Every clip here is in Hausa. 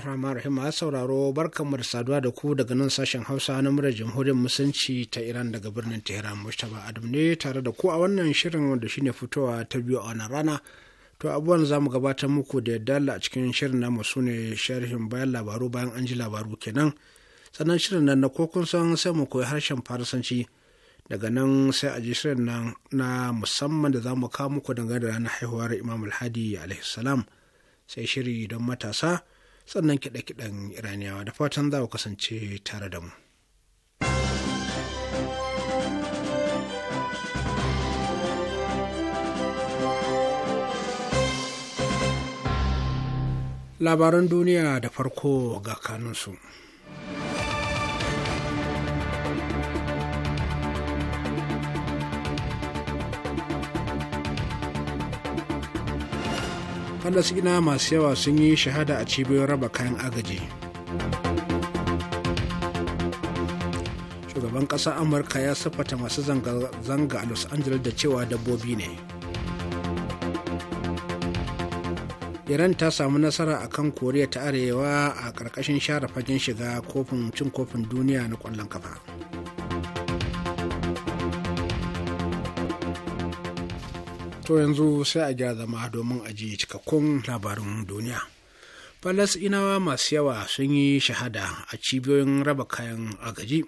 bismillahir rahmanir rahim a sauraro barkanmu da saduwa da ku daga nan sashen hausa na murar jamhuriyar musulunci ta iran daga birnin tehran mustapha adam ne tare da ku a wannan shirin wanda shine fitowa ta biyu a wannan rana to abubuwan za mu gabatar muku da yadda a cikin shirin namu su ne sharhin bayan labaru bayan an ji labaru kenan sannan shirin nan na ko kun san sai mu koyi harshen farisanci daga nan sai a ji shirin nan na musamman da za mu kawo muku dangane da ranar haihuwar imam alhadi alaihi salam sai shiri don matasa sannan kiɗe-kiɗen iraniyawa da fatan za ku kasance tare da mu. labaran duniya da farko ga kanunsu. falasina masu yawa sun yi shahada a cibiyar raba kayan agaji shugaban ƙasar amurka ya siffata masu zanga-zanga a los angeles da cewa dabbobi ne iran ta samu nasara a kan koriya ta arewa a ƙarƙashin share fagen shiga kofin cin kofin duniya na ƙwallon kafa to yanzu sai a gyara zama domin a cikakkun labarin duniya falasinawa masu yawa sun yi shahada a cibiyoyin raba kayan agaji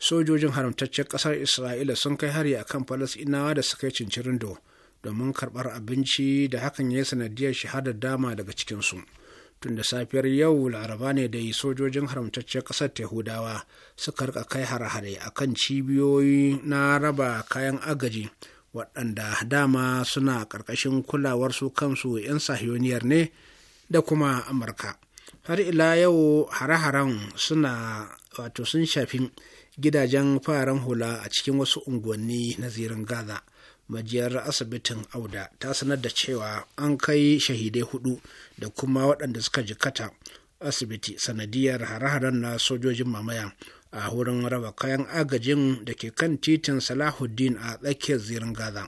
sojojin haramtaccen ƙasar isra'ila sun kai hari a akan falasinawa da suka yi cincirindo domin karɓar abinci da hakan ya sanadiyar shahadar dama daga cikinsu tun da safiyar yau laraba ne da sojojin haramtaccen ƙasar yahudawa suka rika kai hare-hare kan cibiyoyi na raba kayan agaji waɗanda dama suna ƙarƙashin kulawar su kansu 'yan sahiyoniyar ne da kuma amurka har ila yau hare-haren suna wato sun shafi gidajen faran hula a cikin wasu unguwanni na zirin gaza majiyar asibitin auda ta sanar da cewa an kai shahidai hudu da kuma waɗanda suka jikata asibiti sanadiyar hare-haren na sojojin mamaya a wurin raba kayan agajin da ke kan titin salahuddin a tsakiyar zirin gaza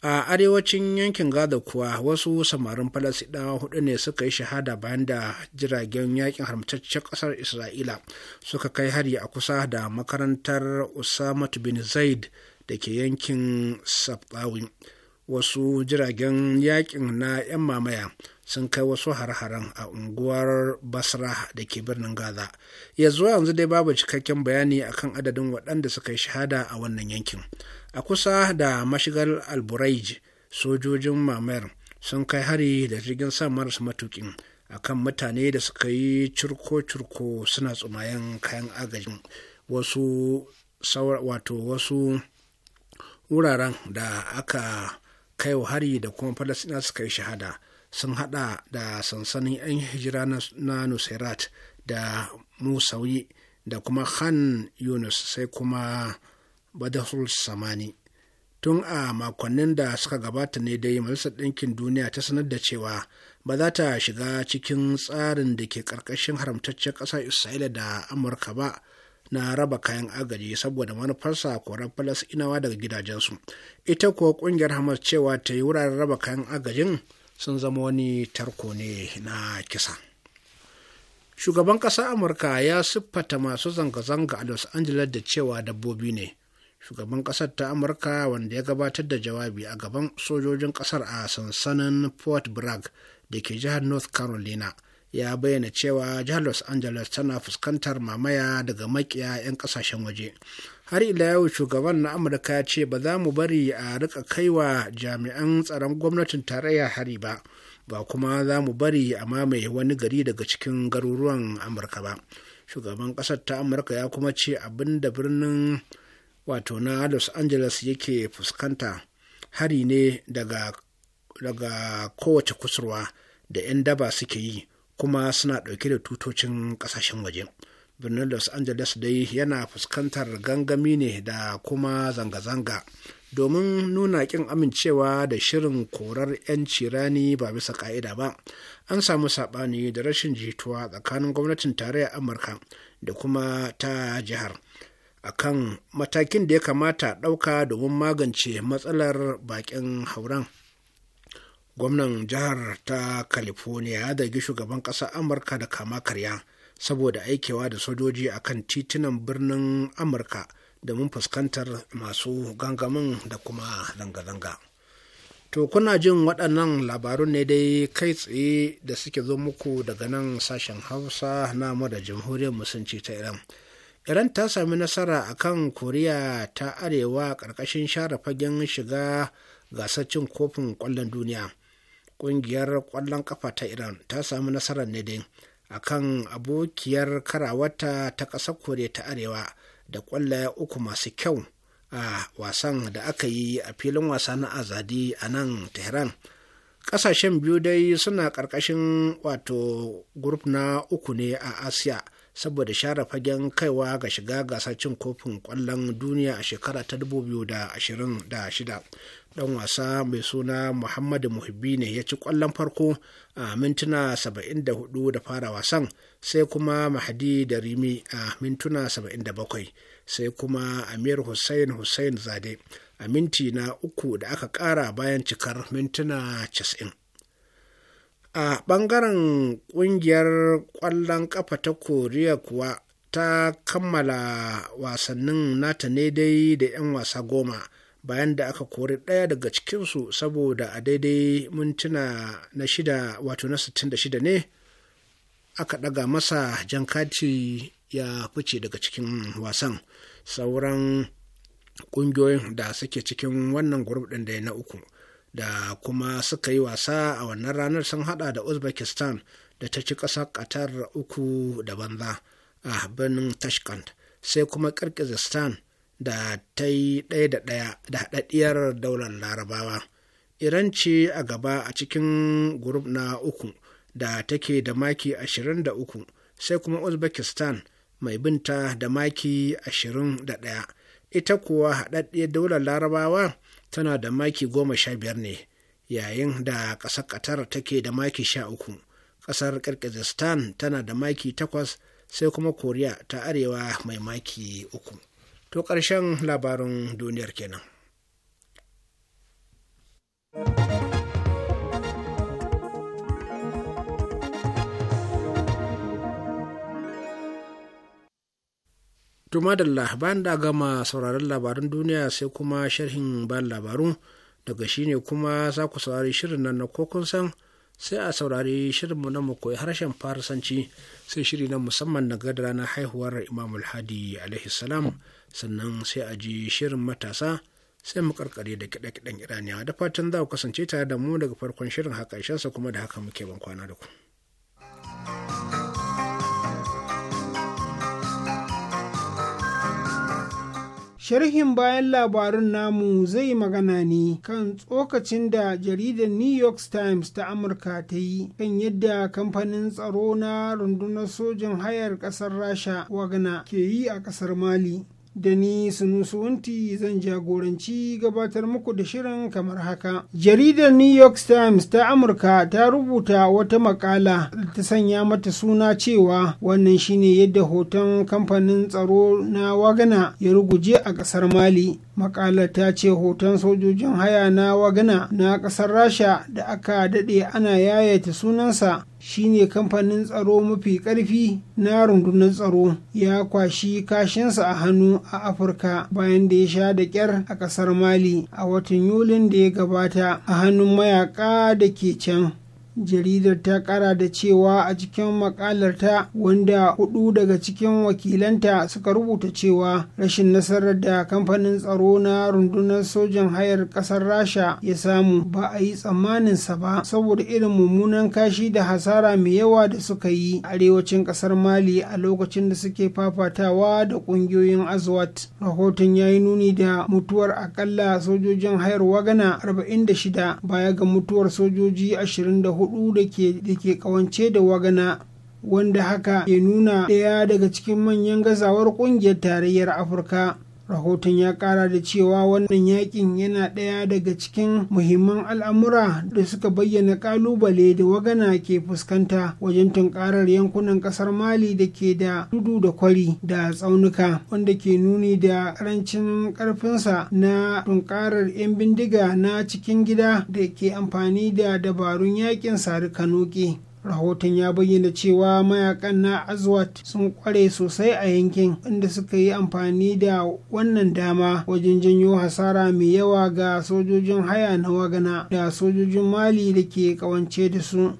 a arewacin yankin gaza kuwa wasu samarin falasidawa hudu ne suka yi shahada bayan da jiragen yakin haramtaccen kasar isra'ila suka kai hari a kusa da makarantar usamatu bin zaid da ke yankin sabtawi wasu jiragen yakin na 'yan mamaya sun kai wasu har-haren a unguwar basra da ke birnin gaza ya zuwa yanzu dai babu cikakken bayani akan adadin waɗanda suka yi shahada a wannan yankin a kusa da mashigar alburaij sojojin mamayar sun kai hari da jirgin sa marasa matukin kan mutane da suka yi curko-curko suna tsumayen kayan agajin wasu wato wasu wuraren da aka kai hari da kuma falasina suka yi shahada sun hada da sansanin 'yan hijira na nusairat da musauyi da kuma khan yunus sai kuma badahul samani tun a makonnin da suka gabata ne dai majalisar ɗinkin duniya ta sanar da cewa ba za ta shiga cikin tsarin da ke ƙarƙashin haramtaccen ƙasa isra'ila da amurka ba na raba kayan agaji saboda manufarsa korar falasɗinawa daga gidajensu ita kuwa ƙungiyar hamas cewa ta yi wuraren raba kayan agajin sun zama wani tarko ne na kisa shugaban ƙasar amurka ya siffata masu zanga-zanga a los angeles da cewa dabbobi ne shugaban ƙasar ta amurka wanda ya gabatar da jawabi a gaban sojojin ƙasar a sansanin fort bragg da ke jihar north carolina ya bayyana cewa jihar los angeles tana fuskantar mamaya daga makiya 'yan ƙasashen waje har ila yau shugaban na amurka ya ce ba za mu bari a rika kaiwa jami'an tsaron gwamnatin tarayya hari ba ba kuma za mu bari a mamaye wani gari daga cikin garuruwan amurka ba shugaban ƙasar ta amurka ya kuma ce abin da birnin wato na los angeles yake fuskanta hari ne daga, daga kowace kusurwa da 'yan daba suke yi kuma suna ɗauke da tutocin ƙasashen waje. birnin los angeles dai yana fuskantar gangami ne da kuma zanga-zanga domin nuna kin amincewa da shirin korar 'yanci rani ba bisa ka'ida ba an samu saɓani da rashin jituwa tsakanin gwamnatin tarayyar amurka da kuma ta jihar a kan matakin da ya kamata ɗauka domin magance matsalar baƙin hauran. gwamnan jihar ta california ya zargi shugaban ƙasar amurka da kama karya saboda aikewa da sojoji a kan titunan birnin amurka da mun fuskantar masu gangamin da kuma zanga-zanga to kuna jin waɗannan labarun ne dai kai tsaye da suke zo muku daga nan sashen hausa na da jamhuriyar musulunci ta iran iran ta sami nasara a kan koriya ta arewa ƙarƙashin share fagen shiga gasar cin kofin ƙwallon duniya ƙungiyar ƙwallon ƙafa ta iran ta sami nasarar ne dai akan abokiyar karawata ta ƙasar kore ta arewa da ƙwallaye uku masu kyau a wasan da aka yi a filin wasa na azadi a nan tehran ƙasashen biyu dai suna ƙarƙashin wato grup na uku ne a asiya saboda share fagen kaiwa ga shiga gasar cin kofin kwallon duniya a shekara ta 2026 dan wasa mai suna muhammadu muhibbi ne ya ci kwallon farko a mintuna 74 da fara wasan sai kuma mahadi da rimi a mintuna 77 sai kuma amir hussein hussein zade a minti na uku da aka kara bayan cikar mintuna 90 a ɓangaren ƙungiyar ƙwallon ƙafa ta koriya kuwa ta kammala wasannin nata ne dai da 'yan wasa goma bayan da aka kori ɗaya daga cikinsu saboda a daidai mintuna na shida wato na 66 ne aka ɗaga masa jan ya fice daga cikin wasan sauran ƙungiyoyin da suke cikin wannan gurub ɗin da na uku da kuma suka yi wasa a wannan ranar sun hada da uzbekistan da ta ci ƙasa qatar uku da banza a birnin tashkent sai kuma kirgizistan da ta yi ɗaya da ɗaya da haɗaɗɗiyar daular larabawa iran ce a gaba a cikin gurub na uku da take da maki ashirin da uku sai kuma uzbekistan mai binta da maki ashirin da ɗaya ita kuwa haɗaɗɗiyar daular larabawa tana da maki goma sha biyar ne yayin da ƙasar qatar take da maki sha uku ƙasar kirgizistan tana da maki takwas sai kuma koriya ta arewa mai maki uku to ƙarshen labarin duniyar kenan. To madalla bayan da gama sauraron labaran duniya sai kuma sharhin bayan labaru daga shi ne kuma za ku saurari shirin nan na kokon san sai a saurari shirinmu na mu koyi harshen farisanci sai shiri na musamman na gadara na haihuwar imam alhadi alaihi salam sannan sai a ji shirin matasa sai mu karkare da kiɗa kiɗen iraniya da fatan za ku kasance tare da mu daga farkon shirin haka kuma da haka muke ban kwana da ku. Sharhin bayan labarun namu zai magana ne kan tsokacin da jaridar New York Times ta Amurka ta yi kan yadda kamfanin tsaro na rundunar sojin hayar ƙasar Rasha wagana ke yi a ƙasar Mali. da ni sunusunti zan jagoranci gabatar muku da shirin kamar haka. Jaridar New York Times ta Amurka ta rubuta wata makala da ta sanya mata suna cewa wannan shine yadda hoton kamfanin tsaro na Wagana ya ruguje a ƙasar Mali. Maƙala ta ce hoton sojojin haya na Wagana na ƙasar Rasha da aka daɗe ana yayata sunansa shine kamfanin tsaro mafi karfi na rundunar tsaro ya kwashi kashinsa a hannu a afirka bayan da ya sha da kyar a kasar mali a watan yulin da ya gabata a hannun mayaka da ke can jaridar ta kara da cewa a cikin makalarta wanda hudu daga cikin wakilanta suka rubuta cewa rashin nasarar da kamfanin tsaro na rundunar sojan hayar kasar rasha ya samu ba a yi tsammaninsa ba saboda irin mummunan kashi da hasara mai yawa da suka yi arewacin kasar mali a lokacin da suke fafatawa da kungiyoyin azwat rahoton ya yi nuni da mutuwar akalla sojojin hayar wagana 46 baya ga mutuwar sojoji 24 hudu da ke kawance da wagana wanda haka ke nuna ɗaya daga cikin manyan gazawar ƙungiyar tarayyar afirka rahoton ya kara da cewa wannan yakin yana ɗaya daga cikin muhimman al'amura da suka bayyana kalubale da wagana ke fuskanta wajen tunkarar yankunan kasar mali da ke da tudu da kwari da tsaunuka wanda ke nuni da karancin karfinsa na tunkarar 'yan bindiga na cikin gida da ke amfani da dabarun yakin sadu kanoki rahoton ya bayyana cewa mayakan na azwat sun kware sosai a yankin inda suka yi amfani da wannan dama wajen janyo hasara mai yawa ga sojojin haya na wagana da sojojin mali da ke kawance da su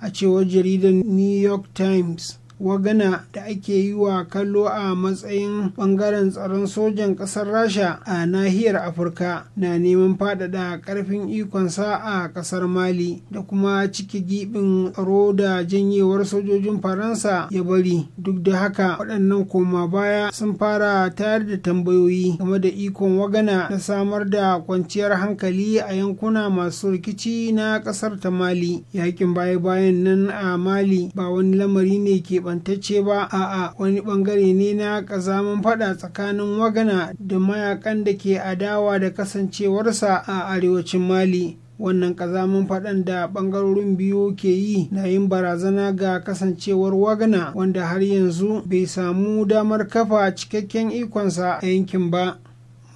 a cewar jaridar new york times wagana da ake yi wa kallo a matsayin bangaren tsaron sojan ƙasar rasha a nahiyar afirka na neman faɗaɗa ƙarfin ikonsa a ƙasar mali da kuma ciki giɓin tsaro da janyewar sojojin faransa ya bari duk da haka waɗannan koma baya sun fara tayar da tambayoyi game da ikon wagana na samar da kwanciyar hankali a yankuna masu rikici na ƙasar ta mali yakin baya-bayan nan a mali ba wani lamari ne ke keɓantacce ba a'a wani ɓangare ne na ƙazaman faɗa tsakanin wagana da mayakan da ke adawa da kasancewarsa a arewacin mali wannan kazamin faɗan da ɓangarorin biyu ke yi na yin barazana ga kasancewar wagana wanda har yanzu bai samu damar kafa cikakken ikonsa a yankin ba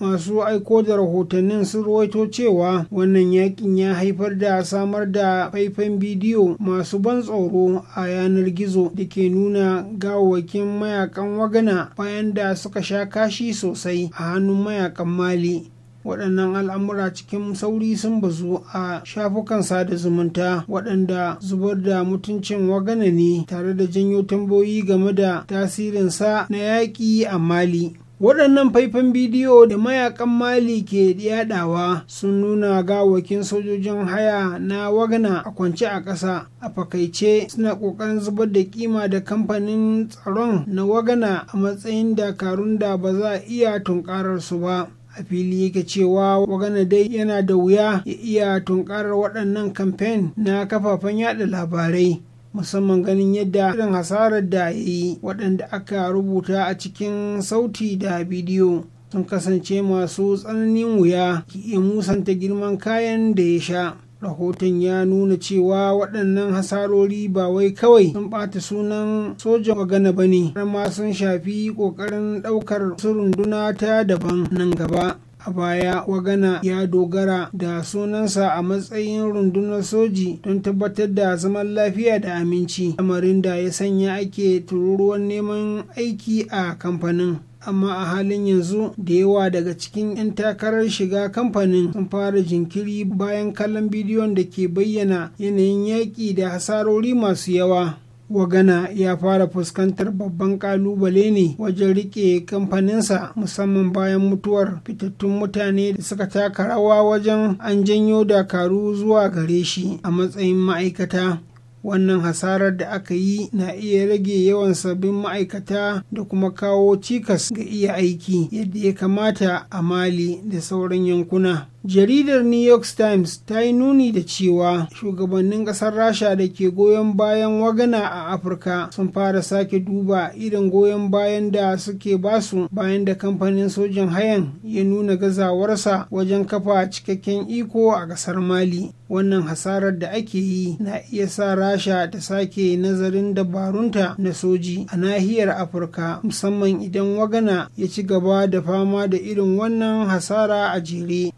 masu aiko da rahotannin sun ruwaito cewa wannan yakin ya haifar da samar da faifan bidiyo masu ban tsoro a yanar gizo da ke nuna gawakin mayakan wagana bayan da suka sha kashi sosai a hannun mayakan mali waɗannan al'amura cikin sauri sun bazu a shafukan sada zumunta waɗanda zubar da mutuncin wagana ne tare da janyo tambayoyi game da tasirinsa na yaƙi a mali waɗannan faifan bidiyo da mayakan mali ke yadawa sun nuna gawakin sojojin haya na wagana a kwance a ƙasa a fakaice suna ƙoƙarin zubar da kima da kamfanin tsaron na wagana a matsayin dakarun da ba za a iya tunkarar su ba a fili yake cewa wagana dai yana da wuya ya iya tunkarar waɗannan kamfen na kafafen yada labarai musamman ganin yadda irin hasarar da ya yi waɗanda aka rubuta a cikin sauti da bidiyo sun kasance masu tsananin wuya ki iya musanta girman kayan da ya sha rahoton ya nuna cewa waɗannan hasarori ba wai kawai sun ɓata sunan sojan magana ba ne har ma sun shafi ƙoƙarin ɗaukar su runduna ta daban nan gaba a baya wagana ya dogara da sunansa a matsayin rundunar soji don tabbatar da zaman lafiya da aminci lamarin da ya sanya ake tururuwan neman aiki a kamfanin amma a halin yanzu da yawa daga cikin 'yan takarar shiga kamfanin sun fara jinkiri bayan kallon bidiyon da ke bayyana yanayin yaƙi da hasarori masu yawa wagana ya fara fuskantar babban kalubale ne wajen rike kamfaninsa musamman bayan mutuwar fitattun mutane da suka taka rawa wajen an janyo dakaru zuwa gare shi a matsayin ma'aikata wannan hasarar da aka yi na iya rage yawan sabbin ma'aikata da kuma kawo cikas ga iya aiki yadda ya kamata a mali da sauran yankuna jaridar new york times ta yi nuni da cewa shugabannin kasar rasha da ke goyon bayan wagana a afirka sun fara sake duba irin goyon bayan da suke basu bayan da kamfanin sojin hayan ya nuna gazawarsa wajen kafa cikakken iko a kasar mali wannan hasarar da ake yi na iya sa rasha ta sake nazarin dabarunta na soji a nahiyar afirka musamman idan wagana ya ci gaba da fama da irin wannan hasara a jere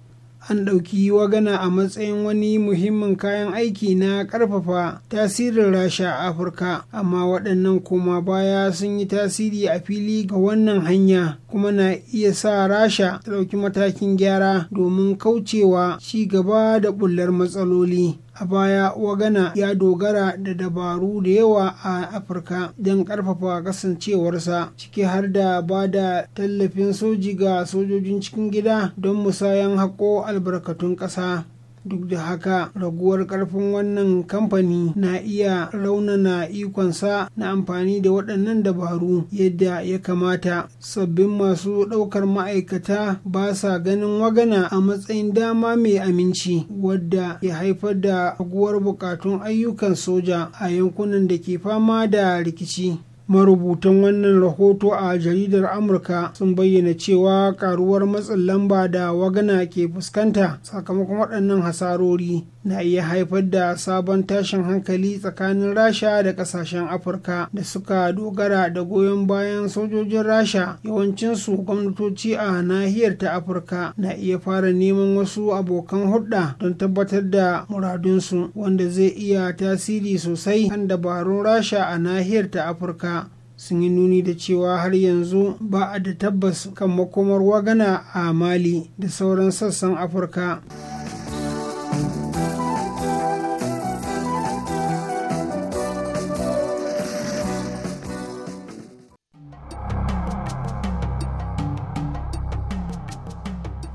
an ɗauki wagana a matsayin wani muhimmin kayan aiki na ƙarfafa tasirin rasha a afirka amma waɗannan koma baya sun yi tasiri a fili ga wannan hanya kuma na iya sa rasha ta ɗauki matakin gyara domin kaucewa ci gaba da ɓullar matsaloli a baya wagana ya dogara da dabaru da yawa a afirka don karfafa kasancewarsa ciki har da ba da tallafin soji ga sojojin cikin gida don musayan haƙo albarkatun ƙasa duk da haka raguwar karfin wannan kamfani na iya raunana ikonsa na amfani da waɗannan dabaru yadda ya kamata sabbin masu ɗaukar ma'aikata ba sa ganin wagana a matsayin dama mai aminci wadda ya haifar da raguwar buƙatun ayyukan soja a yankunan da ke fama da rikici marubutan wannan rahoto a jaridar amurka sun bayyana cewa karuwar matsin lamba da wagana ke fuskanta sakamakon waɗannan hasarori na iya haifar da sabon tashin hankali tsakanin rasha da ƙasashen afirka da suka dogara da goyon bayan sojojin rasha yawancinsu gwamnatoci a nahiyar ta afirka na iya fara neman wasu abokan hulɗa don tabbatar da muradunsu wanda zai iya tasiri sosai kan dabarun rasha a nahiyar ta afirka sun yi nuni da cewa har yanzu ba a da tabbas kan makomar wagana a mali da sauran sassan afirka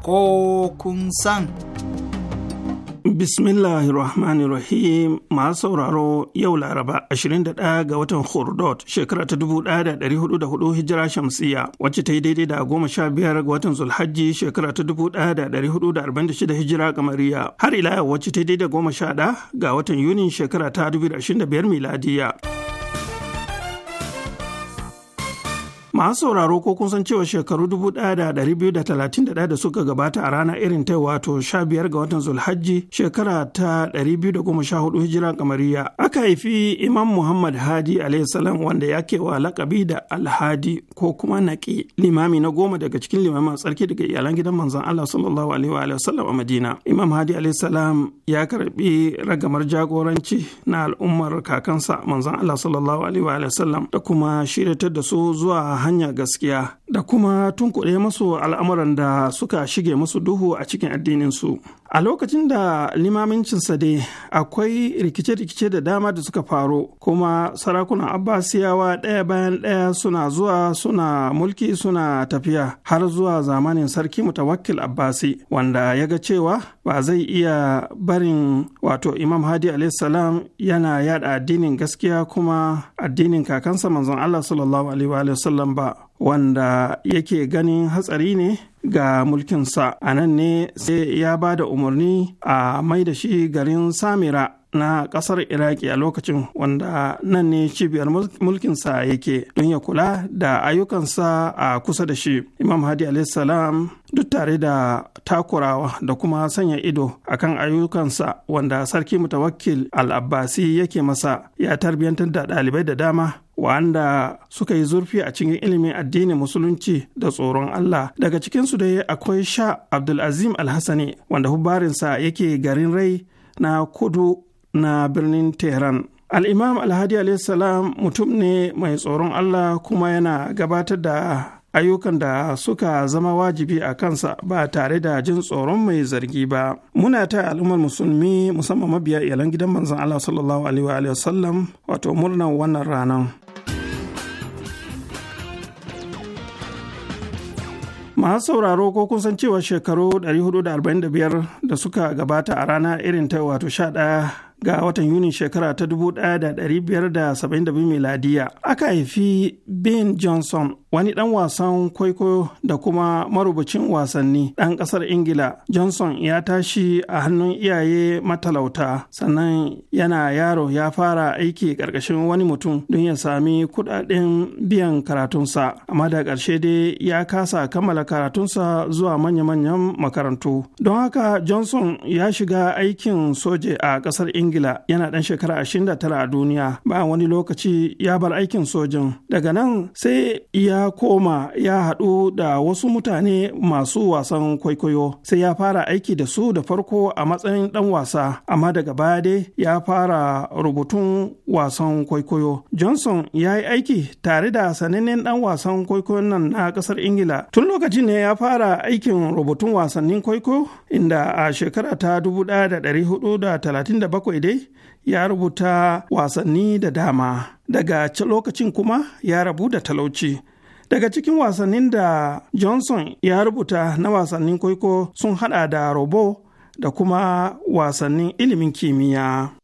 ko kun san Bismillahir Rahmanir Rahim masu sauraro yau Laraba 21 ga watan Hordot shekara ta 1404 Hijira Shamsiyya wacce ta yi daidai da 15 ga watan Zulhajji shekara ta 1446 Hijira Kamariya har ila wacce ta yi daidai da 11 ga watan Yunin shekara ta 2025 Miladiya. masu sauraro ko kun san cewa shekaru 1231 da suka gabata a ranar irin ta wato 15 ga watan zulhajji shekara ta 214 hijira kamariya aka haifi imam muhammad hadi salam wanda ya kewa lakabi da alhadi ko kuma naki limami na goma daga cikin limamin tsarki daga iyalan gidan manzon allah sallallahu alaihi wa sallam a madina imam hadi salam ya karbi ragamar jagoranci na al'ummar kakansa manzon allah sallallahu alaihi wa sallam da kuma shiryatar da su zuwa hanyar gaskiya da kuma tunkuɗe masu al'amuran da suka shige masu duhu a cikin addininsu. a lokacin da limamincin dai akwai rikice-rikice da dama da suka faru kuma sarakunan abbasiyawa ɗaya bayan ɗaya suna zuwa suna mulki suna tafiya har zuwa zamanin sarki mutawakkil abbasi wanda ya ga cewa ba zai iya barin wato imam hadi salam yana yada addinin gaskiya kuma addinin kakansa manzon allah sallallahu alaihi ba wanda yake ganin hatsari ne ga mulkinsa a nan ne sai ya ba da umarni a mai da shi garin samira na kasar iraki a lokacin wanda nan ne cibiyar mulkinsa yake don ya kula da ayyukansa a kusa da shi imam hadi salam duk tare da takurawa da kuma sanya ido akan ayyukansa wanda sarki mutawakkil al-abbasi yake masa ya tarbiyantar da ɗalibai da dama wanda suka yi zurfi a cikin ilimin addini musulunci da tsoron Allah daga cikinsu dai akwai sha abdulazim alhassani wanda hubarinsa yake garin rai na kudu na birnin Tehran. Al'imam Alhadi salam mutum ne mai tsoron Allah kuma yana gabatar da ayyukan da suka zama wajibi a kansa ba tare da jin tsoron mai zargi ba. Muna ta al'ummar musulmi musamman mabiya iyalan gidan manzan Allah sallallahu alaihi wa wato murnar wannan ranar. masu sauraro ko kun san cewa shekaru 445 da suka gabata a rana irin ta wato 11 ga watan Yunin shekara ta 1572 miladiya aka haifi Ben Johnson wani ɗan wasan kwaikwayo da kuma marubucin wasanni ɗan ƙasar Ingila. Johnson ya tashi a hannun iyaye matalauta sannan yana yaro ya fara aiki ƙarƙashin wani mutum don ya sami kuɗaɗen biyan karatunsa amma da ƙarshe dai ya kasa kammala karatunsa zuwa manya-manyan makarantu. Don haka Johnson ya shiga aikin soje a ƙasar Ingila. ingila yana ɗan shekara 29 a duniya bayan wani lokaci ya bar aikin sojin daga nan sai ya koma ya haɗu da wasu mutane masu wasan kwaikwayo sai ya fara aiki da su da farko a matsayin ɗan wasa amma daga baya dai ya fara rubutun wasan kwaikwayo johnson ya yi aiki tare da sanannen ɗan wasan kwaikwayon nan na ƙasar ingila tun lokacin ne ya fara aikin rubutun wasannin kwaikwayo inda a shekara ta bakwai. kawai dai ya rubuta wasanni da dama daga lokacin kuma ya rabu da talauci daga cikin wasannin da johnson ya rubuta na wasannin kwaiko sun hada da robo da kuma wasannin ilimin kimiyya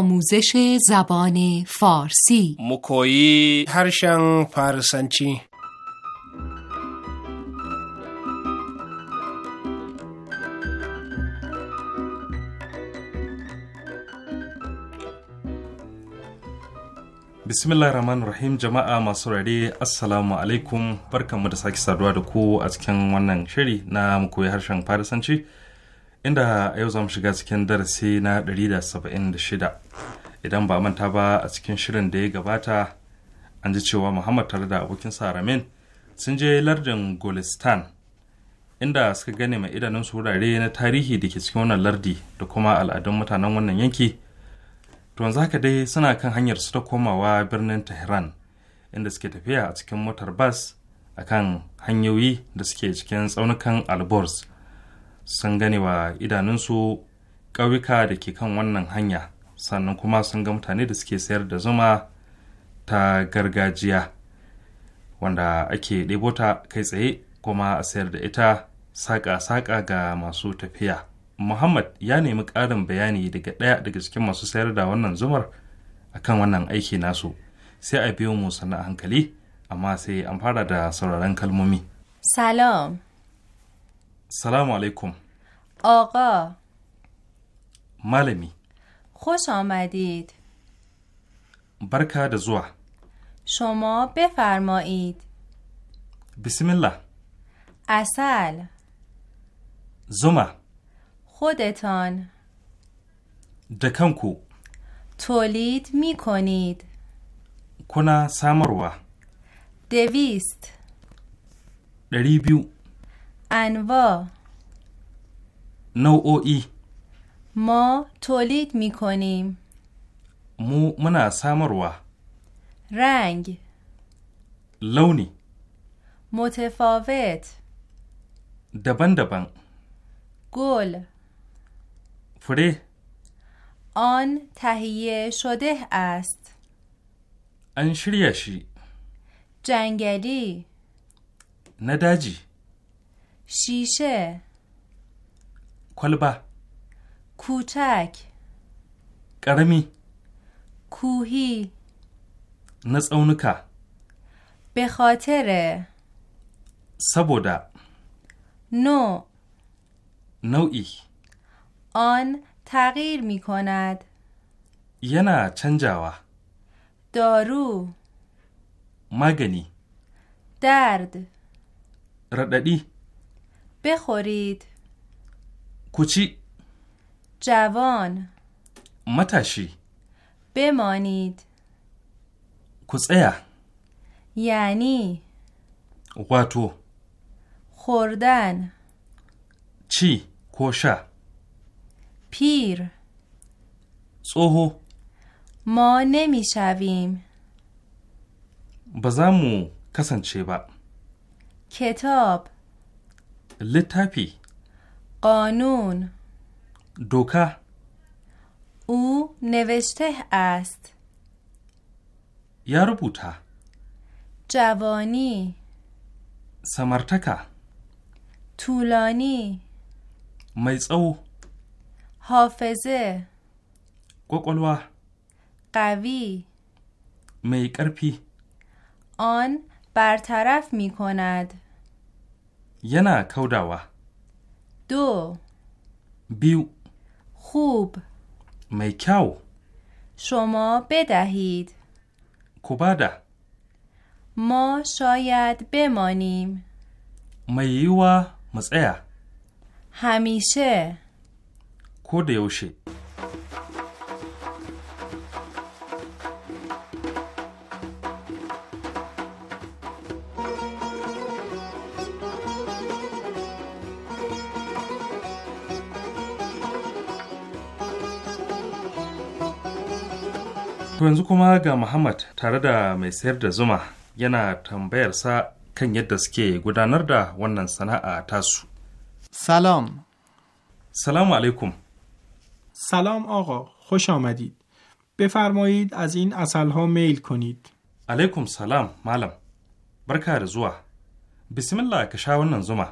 آموزش زبان فارسی مکویی harshen فارسنچی bismillah rahman rahim jama'a masu rare assalamu alaikum barkanmu da sake saduwa da ku a cikin wannan shiri na mukoyi harshen farisanci inda yau za mu shiga cikin darasi na 176 idan ba manta ba a cikin shirin da ya gabata an ji cewa muhammad tare da abokin saramin sun je lardin golistan inda suka gane mai idanun wurare na tarihi da ke cikin wannan lardi da kuma al'adun mutanen wannan yanki to yanzu haka dai suna kan hanyar su ta komawa birnin tehran inda suke tafiya a cikin motar bas akan hanyoyi da suke cikin tsaunukan alborz sun gane wa idanunsu ƙauyuka da ke kan wannan hanya sannan kuma sun ga mutane da suke sayar da zuma ta gargajiya wanda ake ɗebo ta kai tsaye kuma a sayar da ita saƙa-saƙa ga masu tafiya muhammad ya nemi ƙarin bayani daga ɗaya daga cikin masu sayar da wannan zumar akan wannan aiki nasu sai a biyo mu sana hankali amma sai an fara da sauraron kalmomi salam سلام علیکم آقا معلمی خوش آمدید برکه دزوه شما بفرمایید بسم الله اصل زما خودتان دکنکو تولید می کنید کنا سامروه دویست دریبیو انواع نوعی ما تولید میکنیم کنیم مو منا سامروا رنگ لونی متفاوت دبن دبن گل فره آن تهیه شده است انشریشی جنگلی نداجی شیشه کلبه کوچک قرمی کوهی اونکا به خاطر سبودا نو نوعی آن تغییر می کند ینا چنجاوا دارو مگنی درد رددی بخورید کوچی جوان متشی بمانید کسیا یعنی واتو خوردن چی کوشا پیر سوهو ما نمی شویم بزامو کسن چی کتاب لتپی قانون دوکه او نوشته است یا جوانی سمرتکا طولانی میزو حافظه قوقلوا قوی میکرپی آن برطرف میکند ینا کوداوا دو بیو خوب میکاو شما بدهید کوبادا ما شاید بمانیم مییوا مزعه همیشه کودیوشی To yanzu محمد ga Muhammad tare da mai زمه، da تنبیر سا کن kan yadda suke gudanar da wannan sana'a سلام سلام علیکم سلام آقا خوش آمدید بفرمایید از این اصل ها میل کنید علیکم سلام معلم برکار زوا بسم الله کشاون زما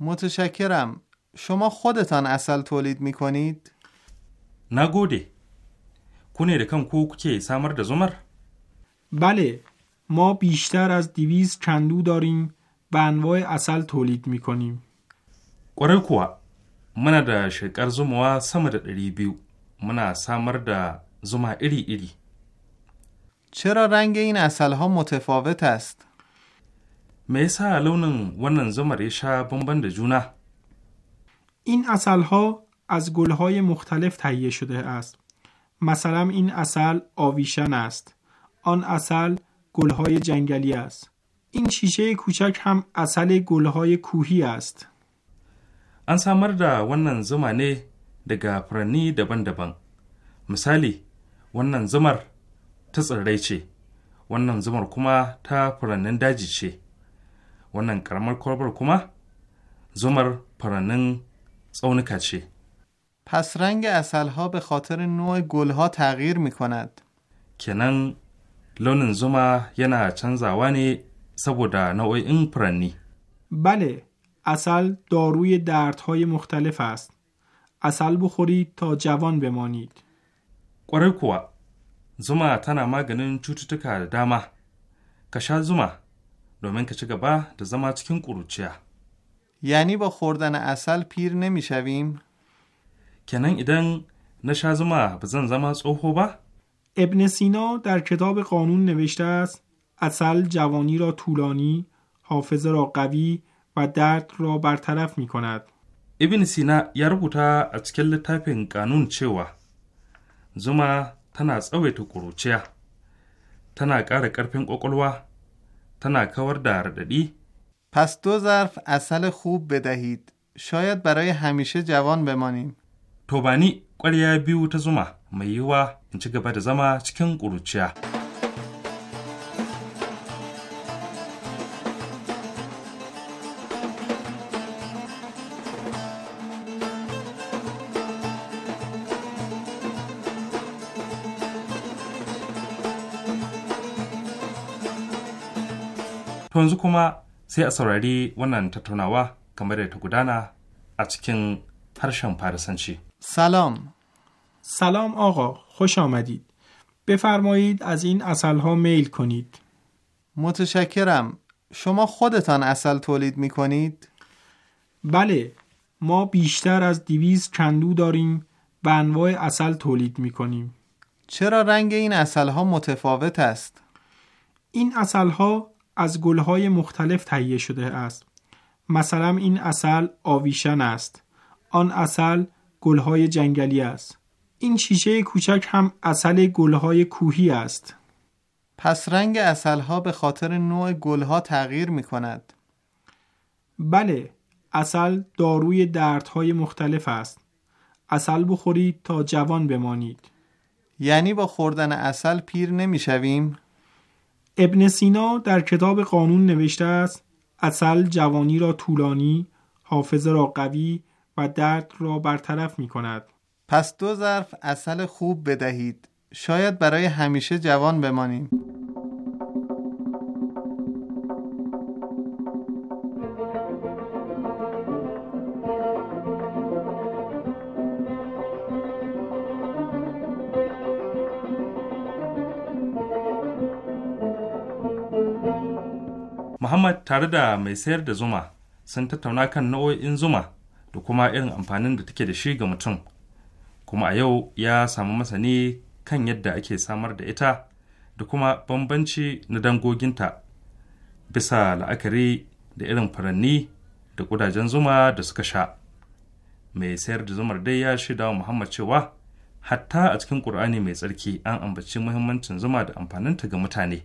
متشکرم شما خودتان اصل تولید می کنید؟ نگودی کو بله ما بیشتر از دیویز کندو داریم و انواع اصل تولید می کنیم قرار kuwa, muna da shekar zumawa sama da ɗari biyu muna samar da zuma چرا رنگ این اصل ها متفاوت است؟ میسا لونن ونن wannan زمر ی این اصل ها از گل های مختلف تهیه شده است. مثلا این اصل آویشن است آن اصل گلهای جنگلی است این شیشه کوچک هم اصل گلهای کوهی است an samar da wannan zuma ne daga furanni daban-daban misali wannan zumar ta tsirrai ce wannan zumar kuma ta furannin daji ce wannan karamar kwalbar kuma zumar furannin tsaunuka ce پس رنگ اصلها به خاطر نوع گلها تغییر می کند. کنن لونن نه ینا چنزاوانی سبودا نوع این پرنی. بله، اصل داروی دردهای مختلف است. اصل بخورید تا جوان بمانید. قره کوا زوما تنا ما گنن da dama. داما. کشا زوما، دومن کچه ci gaba یعنی با خوردن اصل پیر نمیشویم؟ کنن ایدن نشاز ما بزن زمان از با؟ ابن سینا در کتاب قانون نوشته است اصل جوانی را طولانی، حافظه را قوی و درد را برطرف می کند. ابن سینا یا ربوتا از کل تایپین قانون چه زما تنا تسویت قروچیا تنا کار ƙarfin ƙwaƙwalwa تنا کور دار پس دو ظرف اصل خوب بدهید. شاید برای همیشه جوان بمانیم. to ba ƙwarya biyu ta zuma mai yiwuwa in ci gaba da zama cikin ƙuruciya. To yanzu kuma sai a saurari wannan tattaunawa kamar da ta gudana a cikin harshen Farisanci. سلام سلام آقا خوش آمدید بفرمایید از این ها میل کنید متشکرم شما خودتان اصل تولید می کنید؟ بله ما بیشتر از دیویز کندو داریم و انواع اصل تولید می کنیم چرا رنگ این اصل ها متفاوت است؟ این اصل ها از گل های مختلف تهیه شده است مثلا این اصل آویشن است آن اصل گلهای جنگلی است. این شیشه کوچک هم اصل گلهای کوهی است. پس رنگ اصلها به خاطر نوع گلها تغییر می کند. بله، اصل داروی دردهای مختلف است. اصل بخورید تا جوان بمانید. یعنی با خوردن اصل پیر نمیشویم؟ ابن سینا در کتاب قانون نوشته است اصل جوانی را طولانی، حافظه را قوی، و درد را برطرف می کند. پس دو ظرف اصل خوب بدهید. شاید برای همیشه جوان بمانیم. محمد ترده میسر دزوما. سنت سنت سن نوع این زومه. da kuma irin amfanin da take da shi ga mutum kuma a yau ya samu masani kan yadda ake samar da ita da kuma bambanci na dangoginta bisa la'akari da irin furanni da kudajen zuma da suka sha mai sayar da zumar dai ya shaida wa muhammad cewa hatta a cikin ƙur'ani mai tsarki an ambaci muhimmancin zuma da amfaninta ga mutane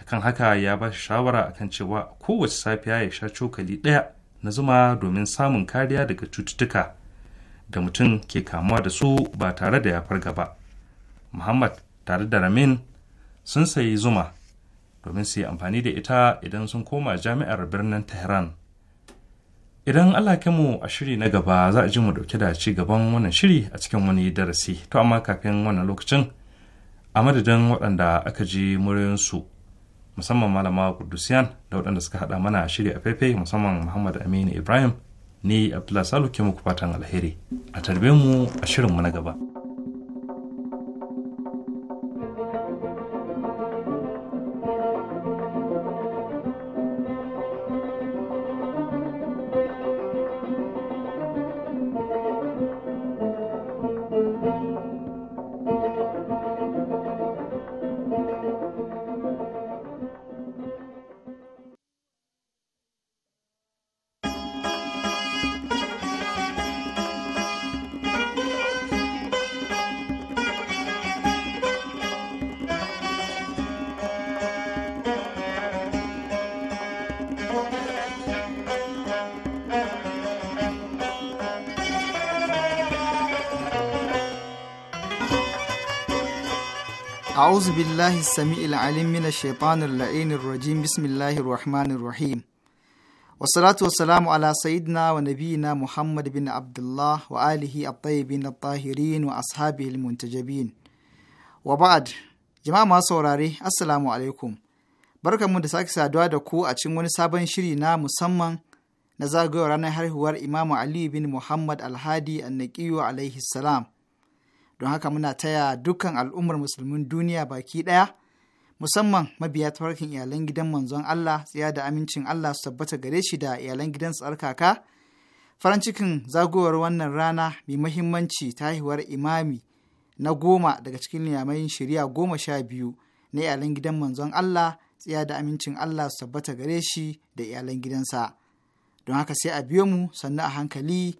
akan haka ya ba shi shawara akan cewa kowace safiya ya sha cokali ɗaya na zuma domin samun kariya daga cututtuka da mutum ke kamuwa da su ba tare da ya farga ba muhammad tare da ramin sun sayi zuma domin su yi amfani da ita idan sun koma jami'ar birnin tehran idan allah mu a shiri na gaba za a ji mu dauke da ci gaban wannan shiri a cikin wani darasi to amma kafin wannan lokacin a madadin waɗanda aka ji muryoyinsu musamman malama kudusiyan da waɗanda suka haɗa mana shirya a faifai musamman muhammad aminu ibrahim ni abdullahi salu ke muku fatan alheri a tarbe mu a shirinmu na gaba. أعوذ بالله السميع العليم من الشيطان اللعين الرجيم بسم الله الرحمن الرحيم والصلاة والسلام على سيدنا ونبينا محمد بن عبد الله وآله الطيبين الطاهرين وأصحابه المنتجبين وبعد جماعة ما saurare Assalamu alaikum barkanmu da sake saduwa da ku a cikin wani sabon shiri na musamman na zagayowar ranar haihuwar Imamu Ali bin Muhammad Alhadi Annaqiyu alaihi salam don haka muna taya dukkan al'ummar musulmin duniya baki ɗaya musamman mabiya tafarkin iyalan gidan manzon Allah tsaya da amincin Allah su tabbata gare shi da iyalan gidan tsarkaka farin cikin zagowar wannan rana mai mahimmanci ta haihuwar imami na goma daga cikin liyamayin shari'a goma sha biyu na iyalan gidan manzon Allah tsaya da amincin Allah su tabbata gare shi da iyalan gidansa don haka sai a biyo mu sannu a hankali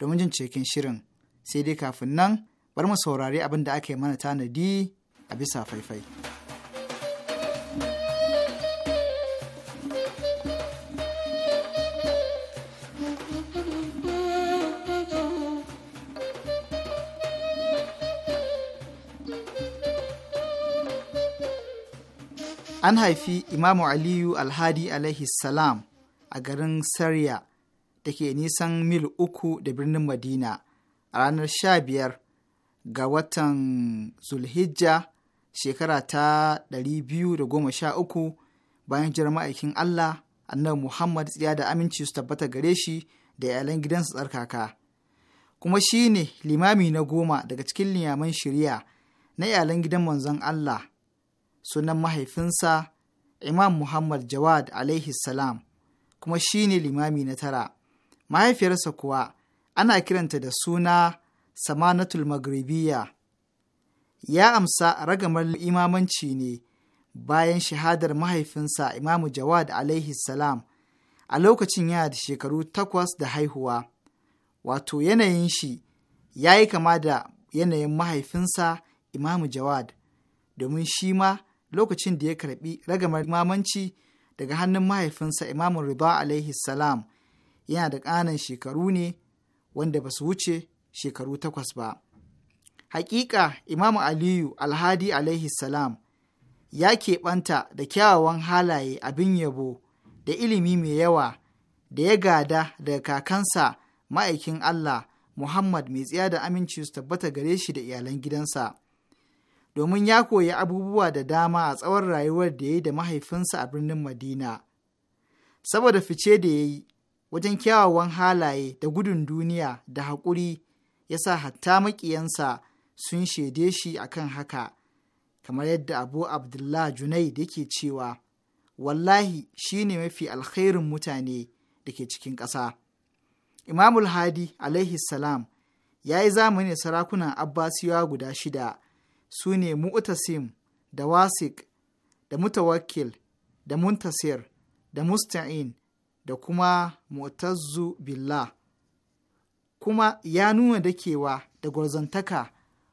domin jin cikin shirin sai dai kafin nan bar mu saurari abin da aka yi mana tanadi a bisa faifai. An haifi Imamu Aliyu Alhadi alaihi salam a garin Sarya da ke nisan mil uku da birnin Madina a ranar sha biyar ga watan zulhijja shekara ta 213 bayan jirar ma'aikin Allah annabi Muhammad tsiya da aminci su tabbata gare shi da iyalan gidansa tsarkaka. Kuma shi ne limami na goma daga cikin liyaman shirya na iyalan gidan manzon Allah sunan mahaifinsa Imam Muhammad Jawad alaihi salam kuma shi ne limami na tara. Mahaifiyarsa kuwa ana kiranta da suna Samanatul Magribiya. Ya amsa ragamar imamanci ne bayan shahadar mahaifinsa Imamu Jawad alaihi salam a lokacin yana da shekaru takwas da haihuwa. Wato yanayin shi ya yi kama da yanayin mahaifinsa Imamu Jawad, domin shi ma lokacin da ya karbi ragamar imamanci daga hannun mahaifinsa Imamu Rida alaihi salam yana da ƙanan shekaru ne wanda ba su wuce shekaru takwas ba. Hakika Imam Aliyu Alhadi alaihi salam ya keɓanta da kyawawan halaye abin yabo da ilimi mai yawa da ya gada daga kakansa ma'aikin Allah Muhammad mai tsiya da aminci su tabbata gare shi da iyalan gidansa. Domin ya koyi abubuwa da dama a tsawon rayuwar da ya yi da mahaifinsa a birnin Madina. Saboda fice da ya yi wajen kyawawan halaye da gudun duniya da haƙuri ya sa hatta maƙiyansa sun shaide shi akan haka kamar yadda abu abdullah junaid yake cewa wallahi shi ne mafi alkhairin mutane da ke cikin ƙasa imamul hadi alaihi salam ya yi zamani sarakunan abbasiyawa guda shida su ne mu'tasim da wasiq, da mutawakkil da muntasir da musta'in da kuma mu'tazzu billah kuma ya nuna da kewa da gwarzantaka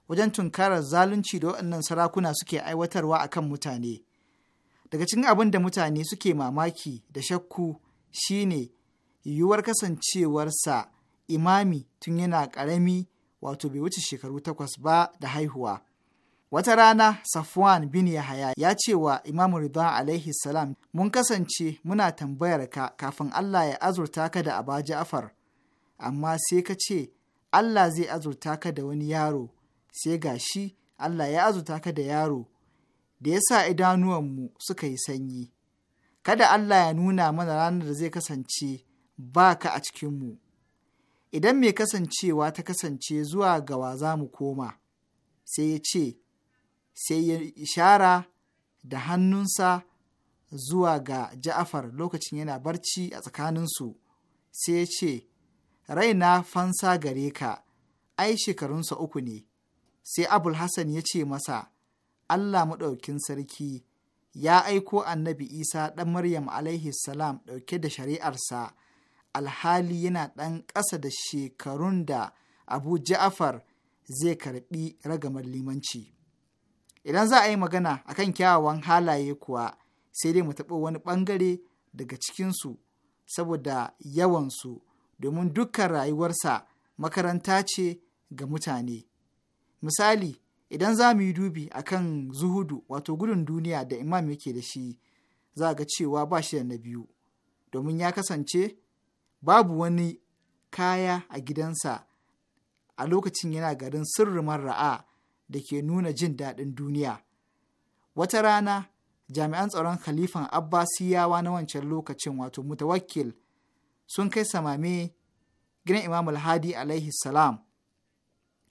wajen tunkarar zalunci da waɗannan sarakuna suke aiwatarwa a kan mutane. Daga cikin abin da mutane suke mamaki da shakku shine yiwuwar kasancewarsa imami tun yana ƙarami wato bai wuce shekaru takwas ba da haihuwa. Wata rana Safwan bin Yahaya ya ce wa Imamu Ridwan alaihi salam mun kasance muna tambayar ka kafin Allah ya azurta ka da Aba Ja'far amma sai ka ce Allah zai azurta ka da wani yaro sai ga shi Allah ya azurta ka da yaro da ya sa idanuwanmu suka yi sanyi kada Allah ya nuna mana ranar da zai kasance ba ka a cikinmu idan mai kasancewa ta kasance zuwa gawa za mu koma sai ya ce sai ya ishara da hannunsa zuwa ga ja'afar lokacin yana barci a tsakaninsu sai ya ce raina fansa gare ka, ai shekarunsa uku ne, sai Abul Hassan ya ce masa, Allah maɗaukin sarki ya aiko annabi Isa ɗan Maryam alaihi salam ɗauke da shari'arsa, alhali yana ɗan ƙasa da shekarun da Abu Ja'afar zai karɓi ragamar limanci. Idan za a yi magana a kan kyawawan halaye kuwa, sai dai mu taɓa wani ɓangare daga cikinsu saboda yawansu domin dukkan rayuwarsa makaranta ce ga mutane. Misali, idan za mu yi dubi a kan zuhudu wato gudun duniya da imam yake da shi, za ga cewa ba shi da na biyu, domin ya kasance babu wani kaya a gidansa a lokacin yana garin sirrimar ra'a da ke nuna jin daɗin duniya. Wata rana, jami'an tsaron Khalifan Abbasiyawa na wancan lokacin wato mutawakkil sun kai samame gidan Imam Alhadi alaihi salam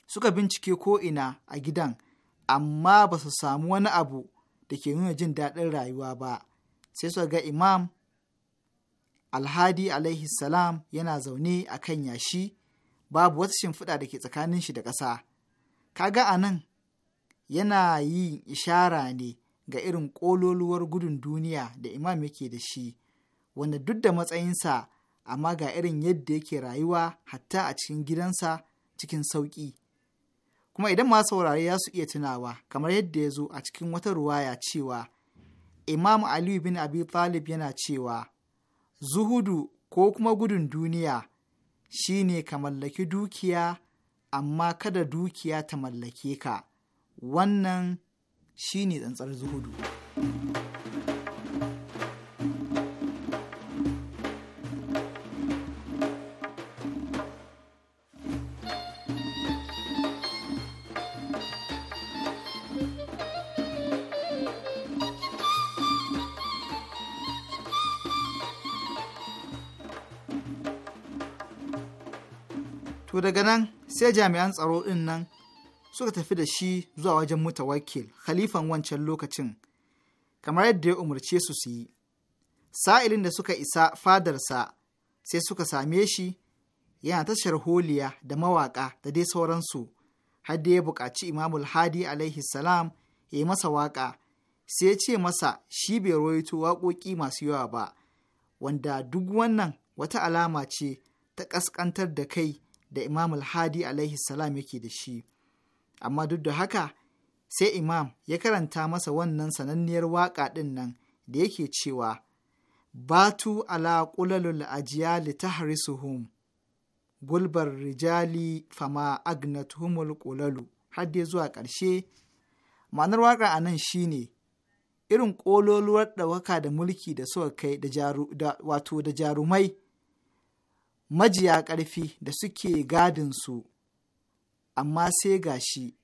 suka bincike ko ina a gidan amma ba su samu wani abu da ke nuna jin daɗin rayuwa ba sai suka ga Imam Alhadi alaihi salam yana zaune a kan yashi babu wata shimfiɗa da ke tsakanin shi da ƙasa kaga a nan yana yin ishara ne ga irin ƙololuwar gudun duniya da imam yake da shi wanda duk da matsayinsa amma ga irin yadda yake rayuwa hatta a cikin gidansa cikin sauƙi. Kuma idan ma saurare ya su iya tunawa kamar yadda ya zo a cikin wata ruwaya cewa Imam Aliyu bin Abi Talib yana cewa zuhudu ko kuma gudun duniya shine ka mallaki dukiya amma kada dukiya ta mallake ka wannan shine tsantsar zuhudu. to daga nan sai jami'an tsaro ɗin nan suka tafi da shi zuwa wajen mutawakil khalifan wancan lokacin kamar yadda ya umarce su su yi sa'ilin da suka isa fadarsa sai suka same shi yana tashar holiya da mawaƙa da dai sauransu har da ya buƙaci imamul hadi alaihi salam ya yi masa waƙa sai ya ce masa shi bai rawaito waƙoƙi masu yawa ba wanda duk wannan wata alama ce ta ƙasƙantar da kai da Imam Al-Hadi alaihi salam yake da shi. Amma duk da haka sai Imam ya karanta masa wannan sananniyar waƙa ɗin nan da yake cewa Batu ala ƙulalul ajiyali harisuhum gulbar rijali fama agnatuhumul ƙulalu har dai zuwa ƙarshe ma'anar waƙa a nan shi ne. irin ƙololuwar ɗawaka da mulki da suka kai wato da jarumai majiya ƙarfi da suke gadinsu, amma sai gashi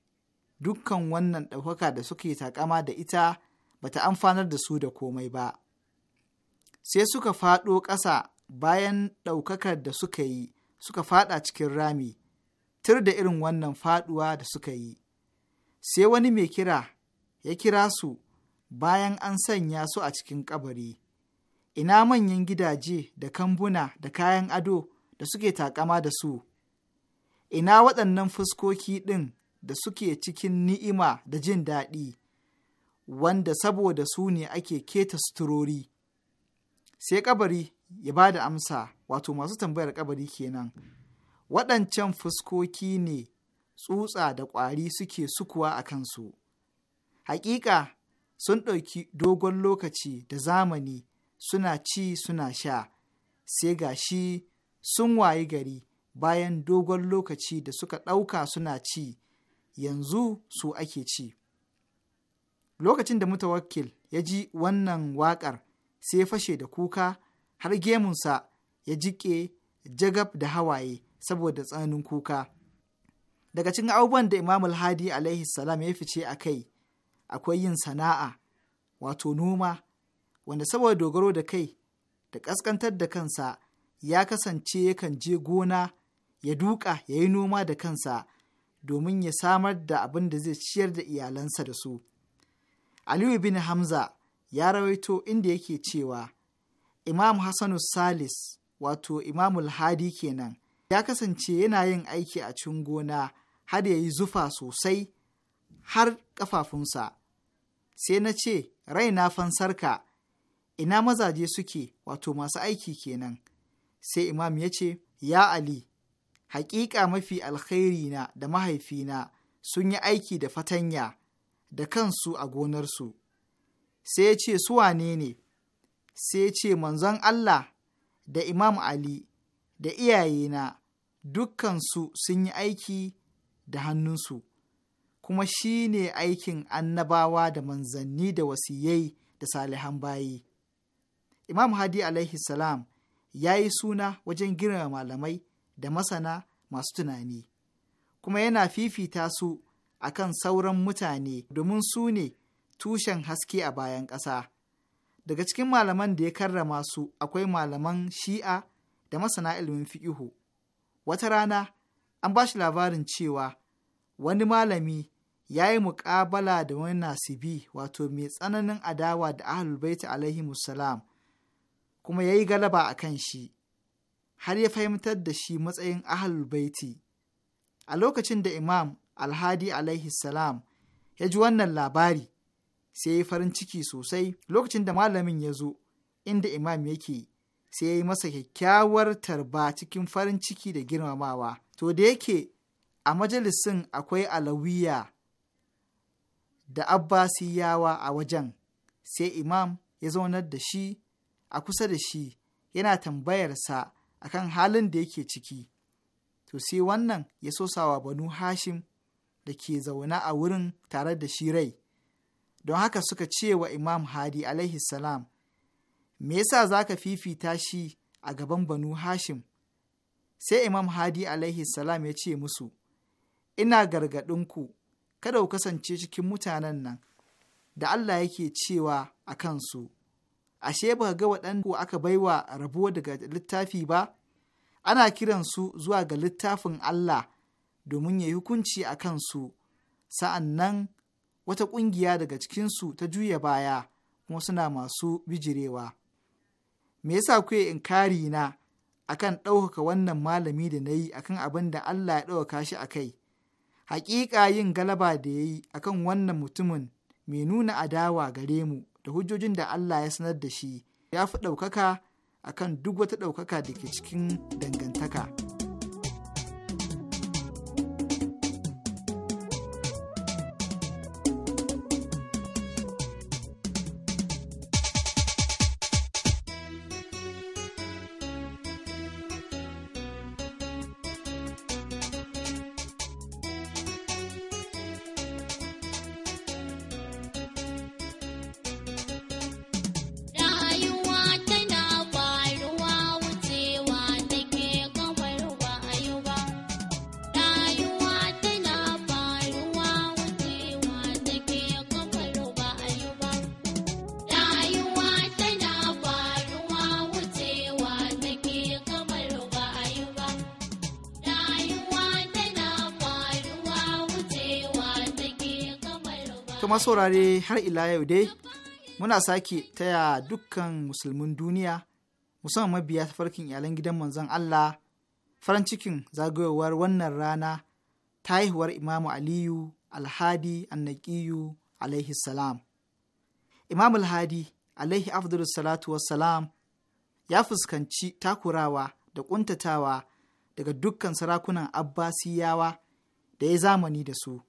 dukkan wannan ɗaukaka da suke takama da ita bata amfanar da su da komai ba. Sai suka faɗo ƙasa bayan ɗaukakar da suka yi, suka faɗa cikin rami, tur da irin wannan faɗuwa da suka yi. Sai wani mai kira ya kira su bayan an sanya su a cikin ƙabari. ina manyan gidaje da kambuna da kayan ado da suke takama da su, ina waɗannan fuskoki ɗin da suke cikin ni'ima da jin daɗi, wanda saboda su ne ake keta suturori. Sai kabari ya ba da amsa, wato masu tambayar kabari kenan. Waɗancan fuskoki ne tsutsa da ƙwari suke sukuwa a kansu. Hakika sun ɗauki dogon lokaci da zamani suna ci suna sha, sai ga shi sun wayi gari bayan dogon lokaci da suka ɗauka suna ci, yanzu su ake ci. Lokacin da mutawakkil ya ji wannan waƙar sai fashe da kuka har gemunsa ya jiƙe jagab da hawaye saboda tsananin kuka. Daga cikin abubuwan da Imam Alhadi alaihi salam ya fice a kai akwai yin sana'a, wato noma wanda saboda dogaro da kai da ƙasƙantar da kansa ya kasance yakan je gona ya duka ya yi noma da kansa domin ya samar da abin da zai ciyar da iyalansa da su. Aliyu bin Hamza ya rawaito inda yake cewa Imam Hassanu Salis wato Imamul Hadi kenan ya kasance yana yin aiki a cikin gona har ya yi zufa sosai har ƙafafunsa. Sai na ce, rai Raina fansarka, ina mazaje suke wato masu aiki kenan sai imam ya ce ya ali haƙiƙa mafi alkhairi na da mahaifina sun yi aiki da fatanya da kansu a gonarsu sai ya ce su wane ne sai ya ce manzon Allah da imam Ali da iyayena dukkansu sun yi aiki da hannunsu kuma shi ne aikin annabawa da manzanni da wasiyai da salihan bayi Imam Hadi alaihi salam ya yi suna wajen girma malamai da masana masu tunani, kuma yana fifita su a kan sauran mutane domin su ne tushen haske a bayan ƙasa. Daga cikin malaman da ya karrama su akwai malaman shi'a da masana ilimin fiƙihu. Wata rana an ba shi labarin cewa wani malami ya yi muƙabala da wani nasibi wato mai tsananin adawa da ahlul baiti alaihi musalam. kuma ya yi galaba a kan shi, har ya fahimtar da shi matsayin ahalul baiti. A lokacin da Imam Alhadi alaihi salam ya ji wannan labari, sai ya yi farin ciki sosai lokacin da malamin ya zo, inda Imam yake, sai ya yi masa kyakkyawar tarba cikin farin ciki da girmamawa. To da yake a majalisin akwai alawiya da Abbasiyawa a wajen, sai Imam ya zaunar da shi a kusa da shi yana tambayarsa kan halin da yake ciki to sai wannan ya sosawa banu hashim da ke zaune a wurin tare da shi rai don haka suka ce wa imam hadi alaihi salam me yasa za ka fifita shi a gaban banu hashim sai imam hadi alaihi salam ya ce musu ina gargaɗinku kada ku kasance cikin mutanen nan da allah yake cewa a kansu ashe ba ga waɗanda aka baiwa rabo daga littafi ba ana kiransu zuwa ga littafin Allah domin ya yi hukunci a kansu sa'an nan wata ƙungiya daga cikinsu ta juya baya kuma suna masu bijirewa me yasa in inkari na akan ɗaukaka wannan malami da na yi akan abin da Allah ya ɗauka shi a kai haƙiƙa yin galaba da ya yi a kan wannan mutumin mai nuna adawa gare mu da hujjojin da Allah ya sanar da shi ya fi ɗaukaka akan duk wata ɗaukaka da ke cikin dangantaka. masu saurare har ila yau dai muna sake taya dukkan musulmin duniya musamman mabiya ta farkin iyalan gidan manzon Allah farin cikin zagayowar wannan rana ta haihuwar Imamu Aliyu Alhadi Annaqiyu alaihi salam. Imam Alhadi alaihi afdalu salatu wassalam ya fuskanci takurawa da ƙuntatawa daga dukkan sarakunan Abbasiyawa da ya zamani da su.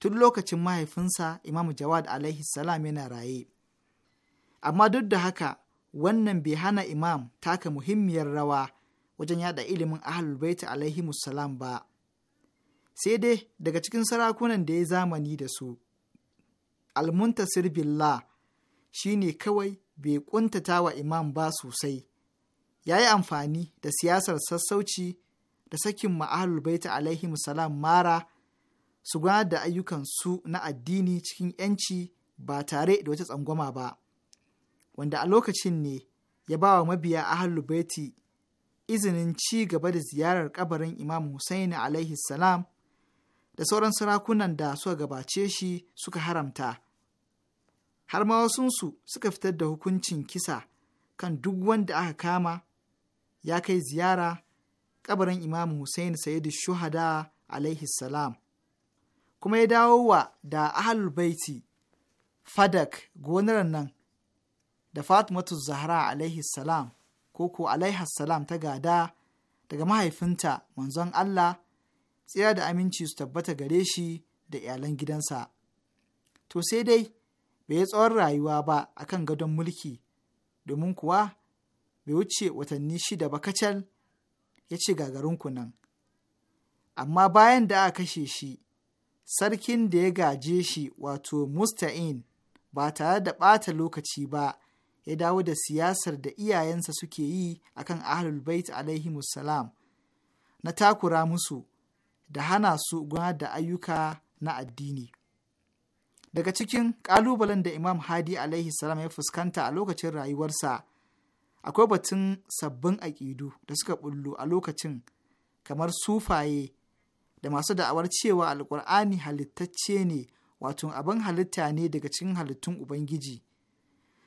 tun lokacin mahaifinsa Imam Jawad alaihi salam yana raye. Amma duk da haka wannan bai hana Imam taka muhimmiyar rawa wajen yada ilimin Ahlul baita alaihi salam ba. Sai dai daga cikin sarakunan da ya zamani da su, Almuntasir Billah shi ne kawai bai ƙuntata wa Imam ba sosai, ya yi amfani da siyasar sassauci da sakin ma'ahalul baita alaihi salam mara su gudanar da ayyukansu na addini cikin ‘yanci ba tare da wata tsangwama ba, wanda a lokacin ne ya ba wa mabiya ahlul baiti izinin ci gaba da ziyarar kabarin Imam Husaini alaihi salam da sauran sarakunan da suka gabace shi suka haramta. Har ma wasunsu suka fitar da hukuncin kisa kan duk wanda aka kama ya kai ziyara kabarin Imam Hussein Sayyidu Shuhada alaihi salam. kuma ya dawo wa da ahalul baiti fadak gonar nan da fatimatu zahra alaihi salam ko ko alaihi salam ta gada daga mahaifinta manzon allah tsira da aminci su tabbata gare shi da iyalan gidansa to sai dai bai yi tsawon rayuwa ba akan gadon mulki domin kuwa bai wuce watanni shida ba kacal ya ce gagarinku nan amma bayan da aka kashe shi sarkin da ya gaje shi wato musta'in ba tare da ɓata lokaci ba ya dawo da siyasar da iyayensa suke yi kan ahlul bait alaihi na takura musu da hana su gudanar da ayyuka na addini daga cikin ƙalubalen da imam hadi alaihi salam ya fuskanta a lokacin rayuwarsa akwai batun sabbin aƙidu da suka bullo a lokacin kamar sufaye da masu da'awar cewa alkur'ani halittacce ne wato abin halitta ne daga cikin halittun ubangiji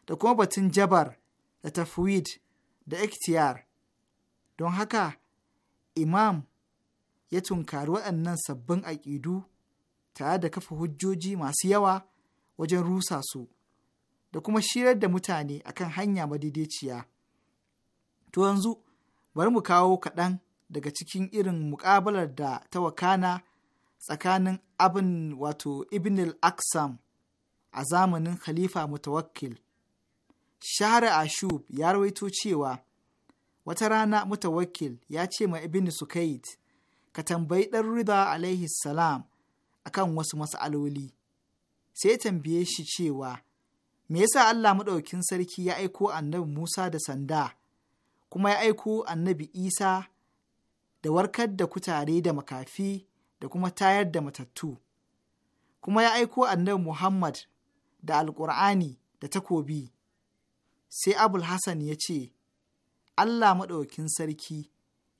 da kuma batun jabar da tafwid da iktiyar don haka imam ya tunkari waɗannan sabbin aƙidu tare da kafa hujjoji masu yawa wajen rusa su da kuma shirar da mutane akan hanya madidaiciya. to yanzu bari mu kawo kaɗan daga cikin irin muƙabalar da ta wakana tsakanin abin wato ibn al-aksam a zamanin khalifa mutawakkil shahar ashub ya rawaito cewa wata rana mutawakkil ya ce ma ibn sukaid ka tambayi ɗan rida alaihi salam akan wasu mas'aloli sai ya tambaye shi cewa me yasa Allah maɗaukin sarki ya aiko annabi Musa da sanda kuma ya aiko annabi Isa da warkar da kutare da makafi da kuma tayar da matattu kuma ya aiko annabi muhammad da alƙur'ani da takobi sai abul hassan ya ce allah maɗaukin sarki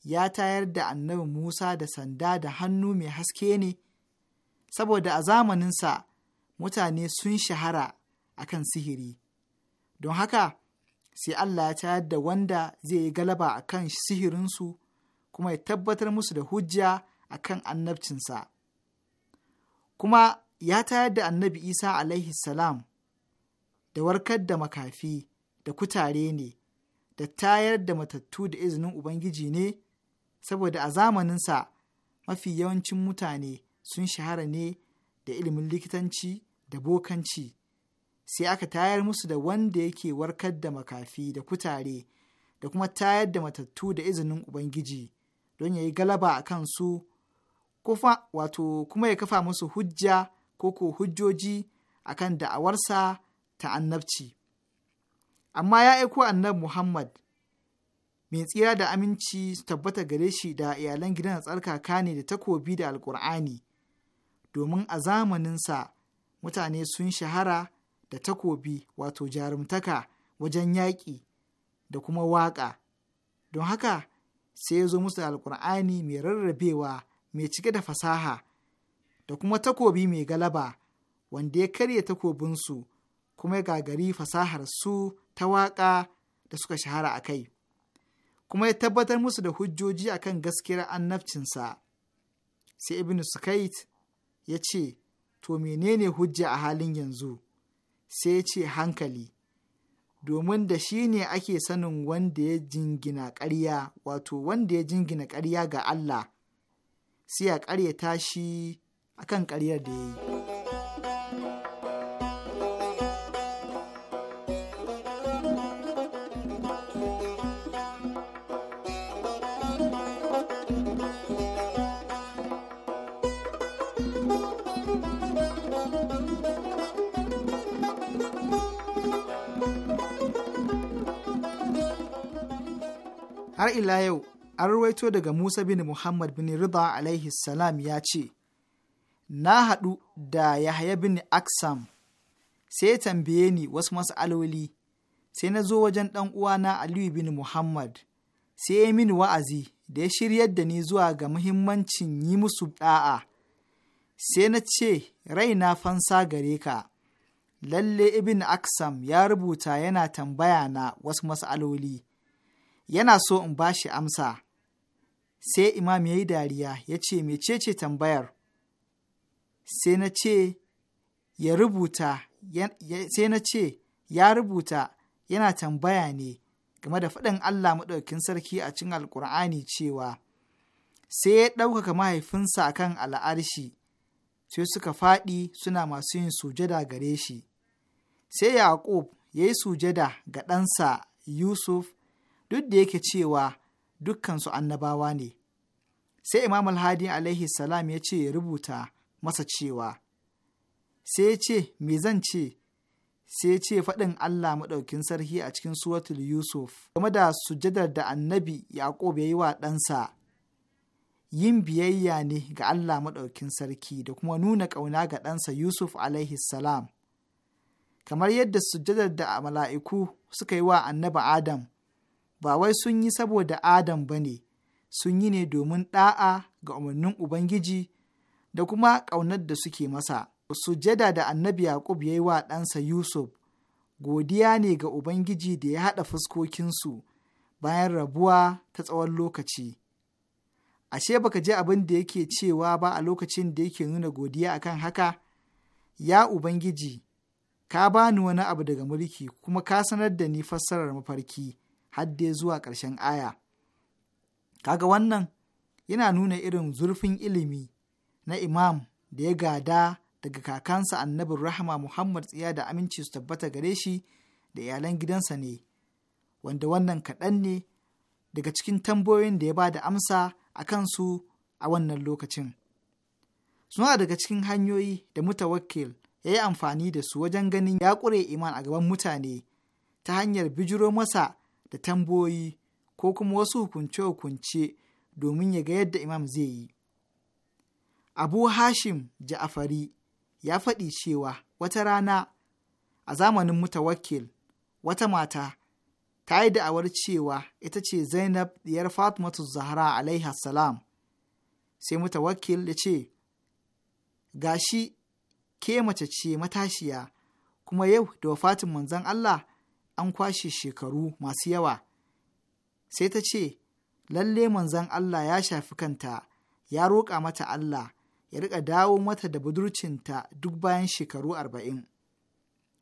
ya tayar da annabi musa da sanda da hannu mai haske ne saboda a zamaninsa mutane sun shahara a kan sihiri don haka sai allah ya tayar da wanda zai yi galaba a kan sihirinsu kuma ya tabbatar musu da hujja a kan annabcinsa. Kuma ya tayar da annabi Isa alaihi salam da warkar da makafi da kutare ne, da tayar da matattu da izinin Ubangiji ne, saboda a zamaninsa mafi yawancin mutane sun shahara ne da ilimin likitanci da bokanci. Sai aka tayar musu da wanda yake warkar da makafi da kutare da kuma tayar da matattu da izinin Ubangiji. don ya yi galaba a kansu kufa wato kuma ya kafa musu hujja ko ko hujjoji akan da'awarsa ta annabci amma ya aiko annabi muhammad mai tsira da aminci su tabbata gare shi da iyalan gidan tsarkaka ne da takobi da alkur'ani domin a zamaninsa mutane sun shahara da takobi wato jarumtaka wajen yaƙi da kuma waƙa don haka sai ya zo musu da alkur'ani mai rarrabewa mai cike da fasaha da kuma takobi mai galaba wanda ya karya takobinsu kuma ya gagari fasahar su ta waƙa da suka shahara a kai kuma ya tabbatar musu da hujjoji akan gaskiyar annabcinsa sai ibn sukait ya ce to menene hujja a halin yanzu sai ya ce hankali domin da shi ne ake sanin wanda ya jingina ƙarya wato wanda ya jingina ƙarya ga Allah sai a ƙaryata shi akan ƙaryar da ya yi. har ila yau an ruwaito daga Musa bin Muhammad bin Rida alaihi salam ya ce, Na haɗu da Yahaya bin Aksam, sai ya tambaye ni wasu mas'aloli, sai na zo wajen ɗan uwana Aliyu bin Muhammad, sai ya mini wa'azi da ya shiryar da ni zuwa ga muhimmancin yi musu ɗa'a. Sai na ce, Raina fansa gare ka, lalle Ibn Aksam ya rubuta yana tambaya na wasu mas'aloli. yana so in ba shi amsa. Sai imam ya yi dariya ya ce mecece tambayar? Sai na ce ya rubuta, sai na ce ya rubuta yana tambaya ne game da faɗin Allah maɗaukin sarki a cikin Alƙur'ani cewa, sai ya ɗaukaka mahaifinsa akan al'arshi, sai suka faɗi suna masu yin sujada gare shi. Sai Yaƙub ya yi sujada ga ɗansa Yusuf duk da yake cewa dukkansu annabawa ne. Sai Imam Alhadi alaihi salam ya ce ya rubuta masa cewa, sai ya ce, me zan ce, sai ya ce faɗin Allah maɗaukin sarki a cikin suwatul Yusuf game da sujadar da annabi Yaƙub ya yi wa ɗansa. Yin biyayya ne ga Allah maɗaukin sarki da kuma nuna ƙauna ga ɗansa Yusuf alaihi salam. Kamar yadda sujadar da mala'iku suka yi wa annabi Adam ba wai sun yi saboda Adam ba ne, sun yi ne domin ɗa'a ga umarnin Ubangiji da kuma ƙaunar da suke masa. Sujada da annabi Yaƙub ya yi wa ɗansa Yusuf, godiya ne ga Ubangiji da ya haɗa fuskokinsu bayan rabuwa ta tsawon lokaci. Ashe baka je abin da yake cewa ba a lokacin da yake nuna godiya a kan haka? Ya Ubangiji, ka bani wani abu daga mulki kuma ka sanar da ni fassarar mafarki. dai zuwa ƙarshen aya kaga wannan yana nuna irin zurfin ilimi na imam da ya gada daga kakansa annabin rahama muhammad tsiya da aminci su tabbata gare shi da iyalan gidansa ne wanda wannan kaɗan ne daga cikin tambayoyin da ya ba da amsa a kansu a wannan lokacin suna daga cikin hanyoyi da mutawakkil ya yi amfani da su wajen ganin ya ƙure iman a gaban mutane ta hanyar bijiro masa da tamboyi ko kuma wasu hukunce-hukunce domin ya ga yadda imam zai yi. Abu Hashim Ja'afari ya faɗi cewa wata rana a zamanin mutawakkil wata mata ta yi da'awar cewa ita ce Zainab diyar Fatimatu Zahra alaiha salam sai mutawakkil ya ce gashi ke mace ce matashiya kuma yau da wafatin manzon Allah an kwashe shekaru masu yawa sai ta ce lalle manzan Allah ya shafi kanta ya roƙa mata Allah ya riƙa dawo mata da budurcinta duk bayan shekaru arba'in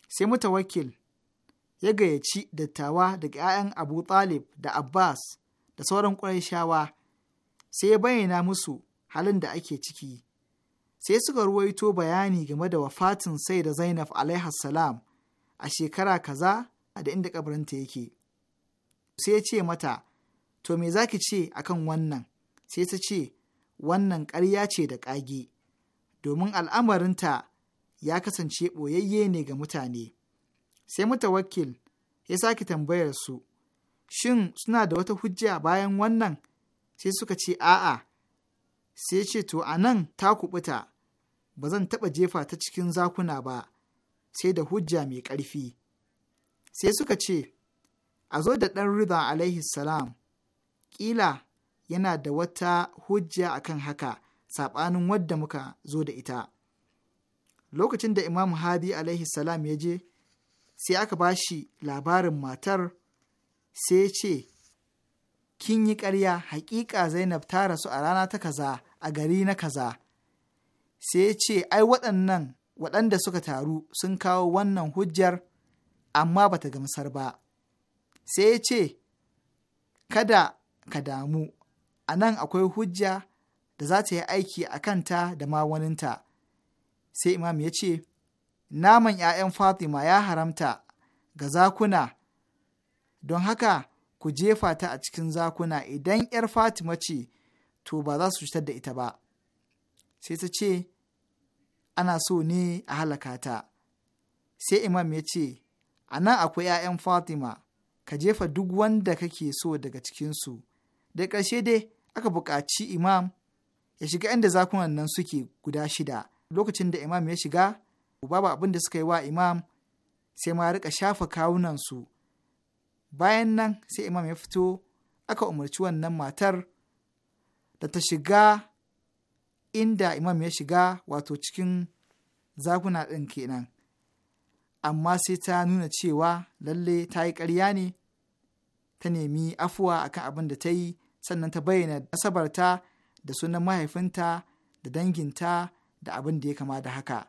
sai mutawakil ya gayyaci dattawa daga 'ya'yan abu talib da abbas da sauran shawa sai ya bayyana musu halin da ake ciki sai suka ruwaito bayani game da wafatin sai da zainab a shekara kaza A da inda kabarinta yake sai ya ce mata to me zaki ce akan wannan sai ta ce wannan ƙarya ce da ƙage domin al'amarinta ya kasance ɓoyayye ne ga mutane sai mutawakkil ya sake tambayar su shin suna da wata hujja bayan wannan sai suka ce a'a sai ce to a nan ta kuɓuta ba zan taɓa jefa ta cikin zakuna ba sai da hujja mai ƙarfi sai suka ce a zo da ɗan riba alaihi salam ƙila yana da wata hujja a kan haka saɓanin wadda muka zo da ita lokacin da imam hadi alaihi salam ya je sai aka ba shi labarin matar sai ce kin yi ƙarya haƙiƙa zainab ta rasu a rana ta kaza a gari na kaza sai ce ai waɗannan waɗanda suka taru sun kawo wannan hujjar amma bata gamsar ba sai ya ce kada ka damu a nan akwai hujja da za ta yi aiki a kanta da ma waninta sai imam ya ce naman 'ya'yan fatima ya haramta ga zakuna don haka ku jefa ta a cikin zakuna idan 'yar fatima ce to ba za su cutar da ita ba sai ta ce ana so ne a halaka ta sai imam ya ce a nan akwai ‘ya'yan Fatima, ka jefa duk wanda kake so daga cikinsu. Da ƙarshe dai aka buƙaci imam ya shiga inda zakunan nan suke guda shida. Lokacin da imam ya shiga, babu abin da suka yi wa imam sai ma rika shafa kawunansu. Bayan nan sai imam ya fito aka umarci wannan matar da ta shiga inda imam ya shiga wato cikin zakuna ɗin kenan. amma sai ta nuna cewa lalle ta yi ƙarya ne ta nemi afuwa akan abin da ta yi sannan ta bayyana nasabarta da sunan mahaifinta da danginta da abin da ya kama da haka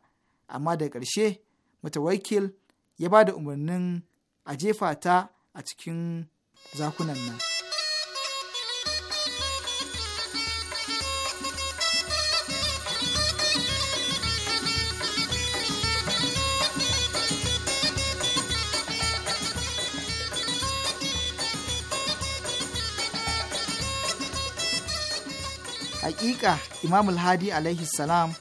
amma da ƙarshe mata-wakil ya ba da umarnin a jefa ta a cikin zakunan nan. hakika imamul hadi alaihi salam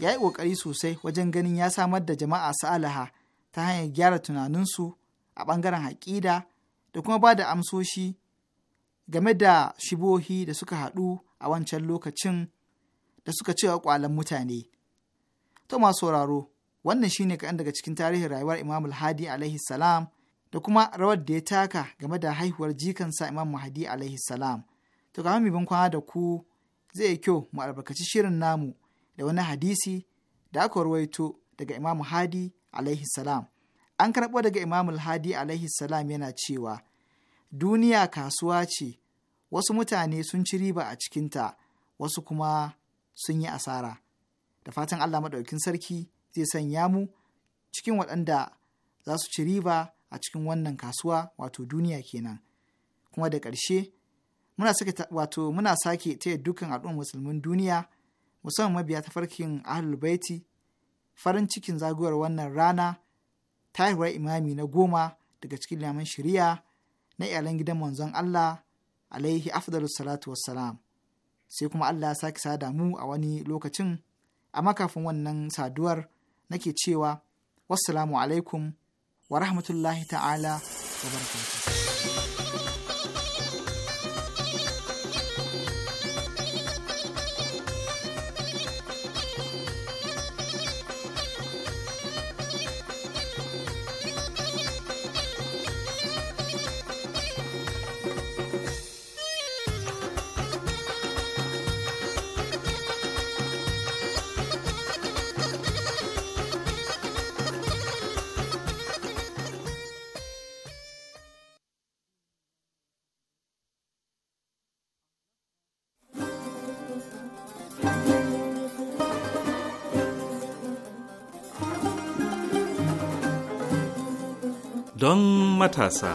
ya yi ƙoƙari sosai wajen ganin ya samar da jama'a salaha ta hanyar gyara tunaninsu a ɓangaren haƙida da kuma ba da amsoshi game da shibohi da suka haɗu a wancan lokacin da suka cewa ƙwalan mutane. To masu sauraro, wannan shine kaɗan daga cikin tarihin rayuwar Imam Hadi alaihi salam da kuma rawar da ya taka game da haihuwar jikansa Imam Mahdi alaihi salam. To ga mu kwana da ku zai yi kyau mu albarkaci shirin namu da wani hadisi da aka ruwaito daga Imam Hadi alaihi salam. An karɓo daga Imam Hadi alaihi salam yana cewa duniya kasuwa ce wasu mutane sun ci riba a cikinta wasu kuma sun yi asara. Da fatan Allah maɗaukin sarki zai sanya mu cikin waɗanda za su ci riba a cikin wannan kasuwa wato duniya kenan. Kuma da ƙarshe muna sake wato muna sake taya dukkan al'ummar musulmin duniya musamman mabiya tafarkin ahlul baiti farin cikin zaguwar wannan rana ta haihuwar imami na goma daga cikin laman shari'a na iyalan gidan manzon Allah alaihi afdalu salatu wassalam sai kuma Allah ya sake sada mu a wani lokacin amma kafin wannan saduwar nake cewa wassalamu alaikum wa rahmatullahi ta'ala wa barakatuh don matasa.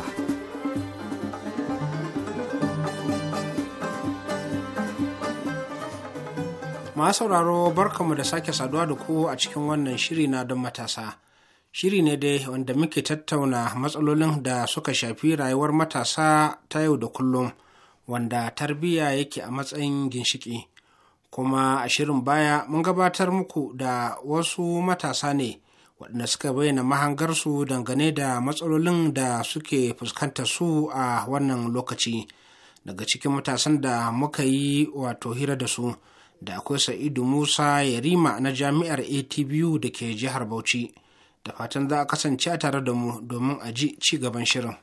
Ma sauraro barkamu da sake saduwa da ku a cikin wannan shiri na don matasa. Shiri ne dai wanda muke tattauna matsalolin da suka shafi rayuwar matasa ta yau da kullum, wanda tarbiyya yake a matsayin ginshiki. Kuma a shirin baya mun gabatar muku da wasu matasa ne. waɗanda suka bayyana mahangarsu dangane da matsalolin da suke fuskanta su a wannan lokaci daga cikin matasan da muka yi wato hira da su da akwai sa'idu musa yarima na jami'ar atbu da ke jihar bauchi da fatan za a kasance a tare da mu domin a ji ci gaban shirin.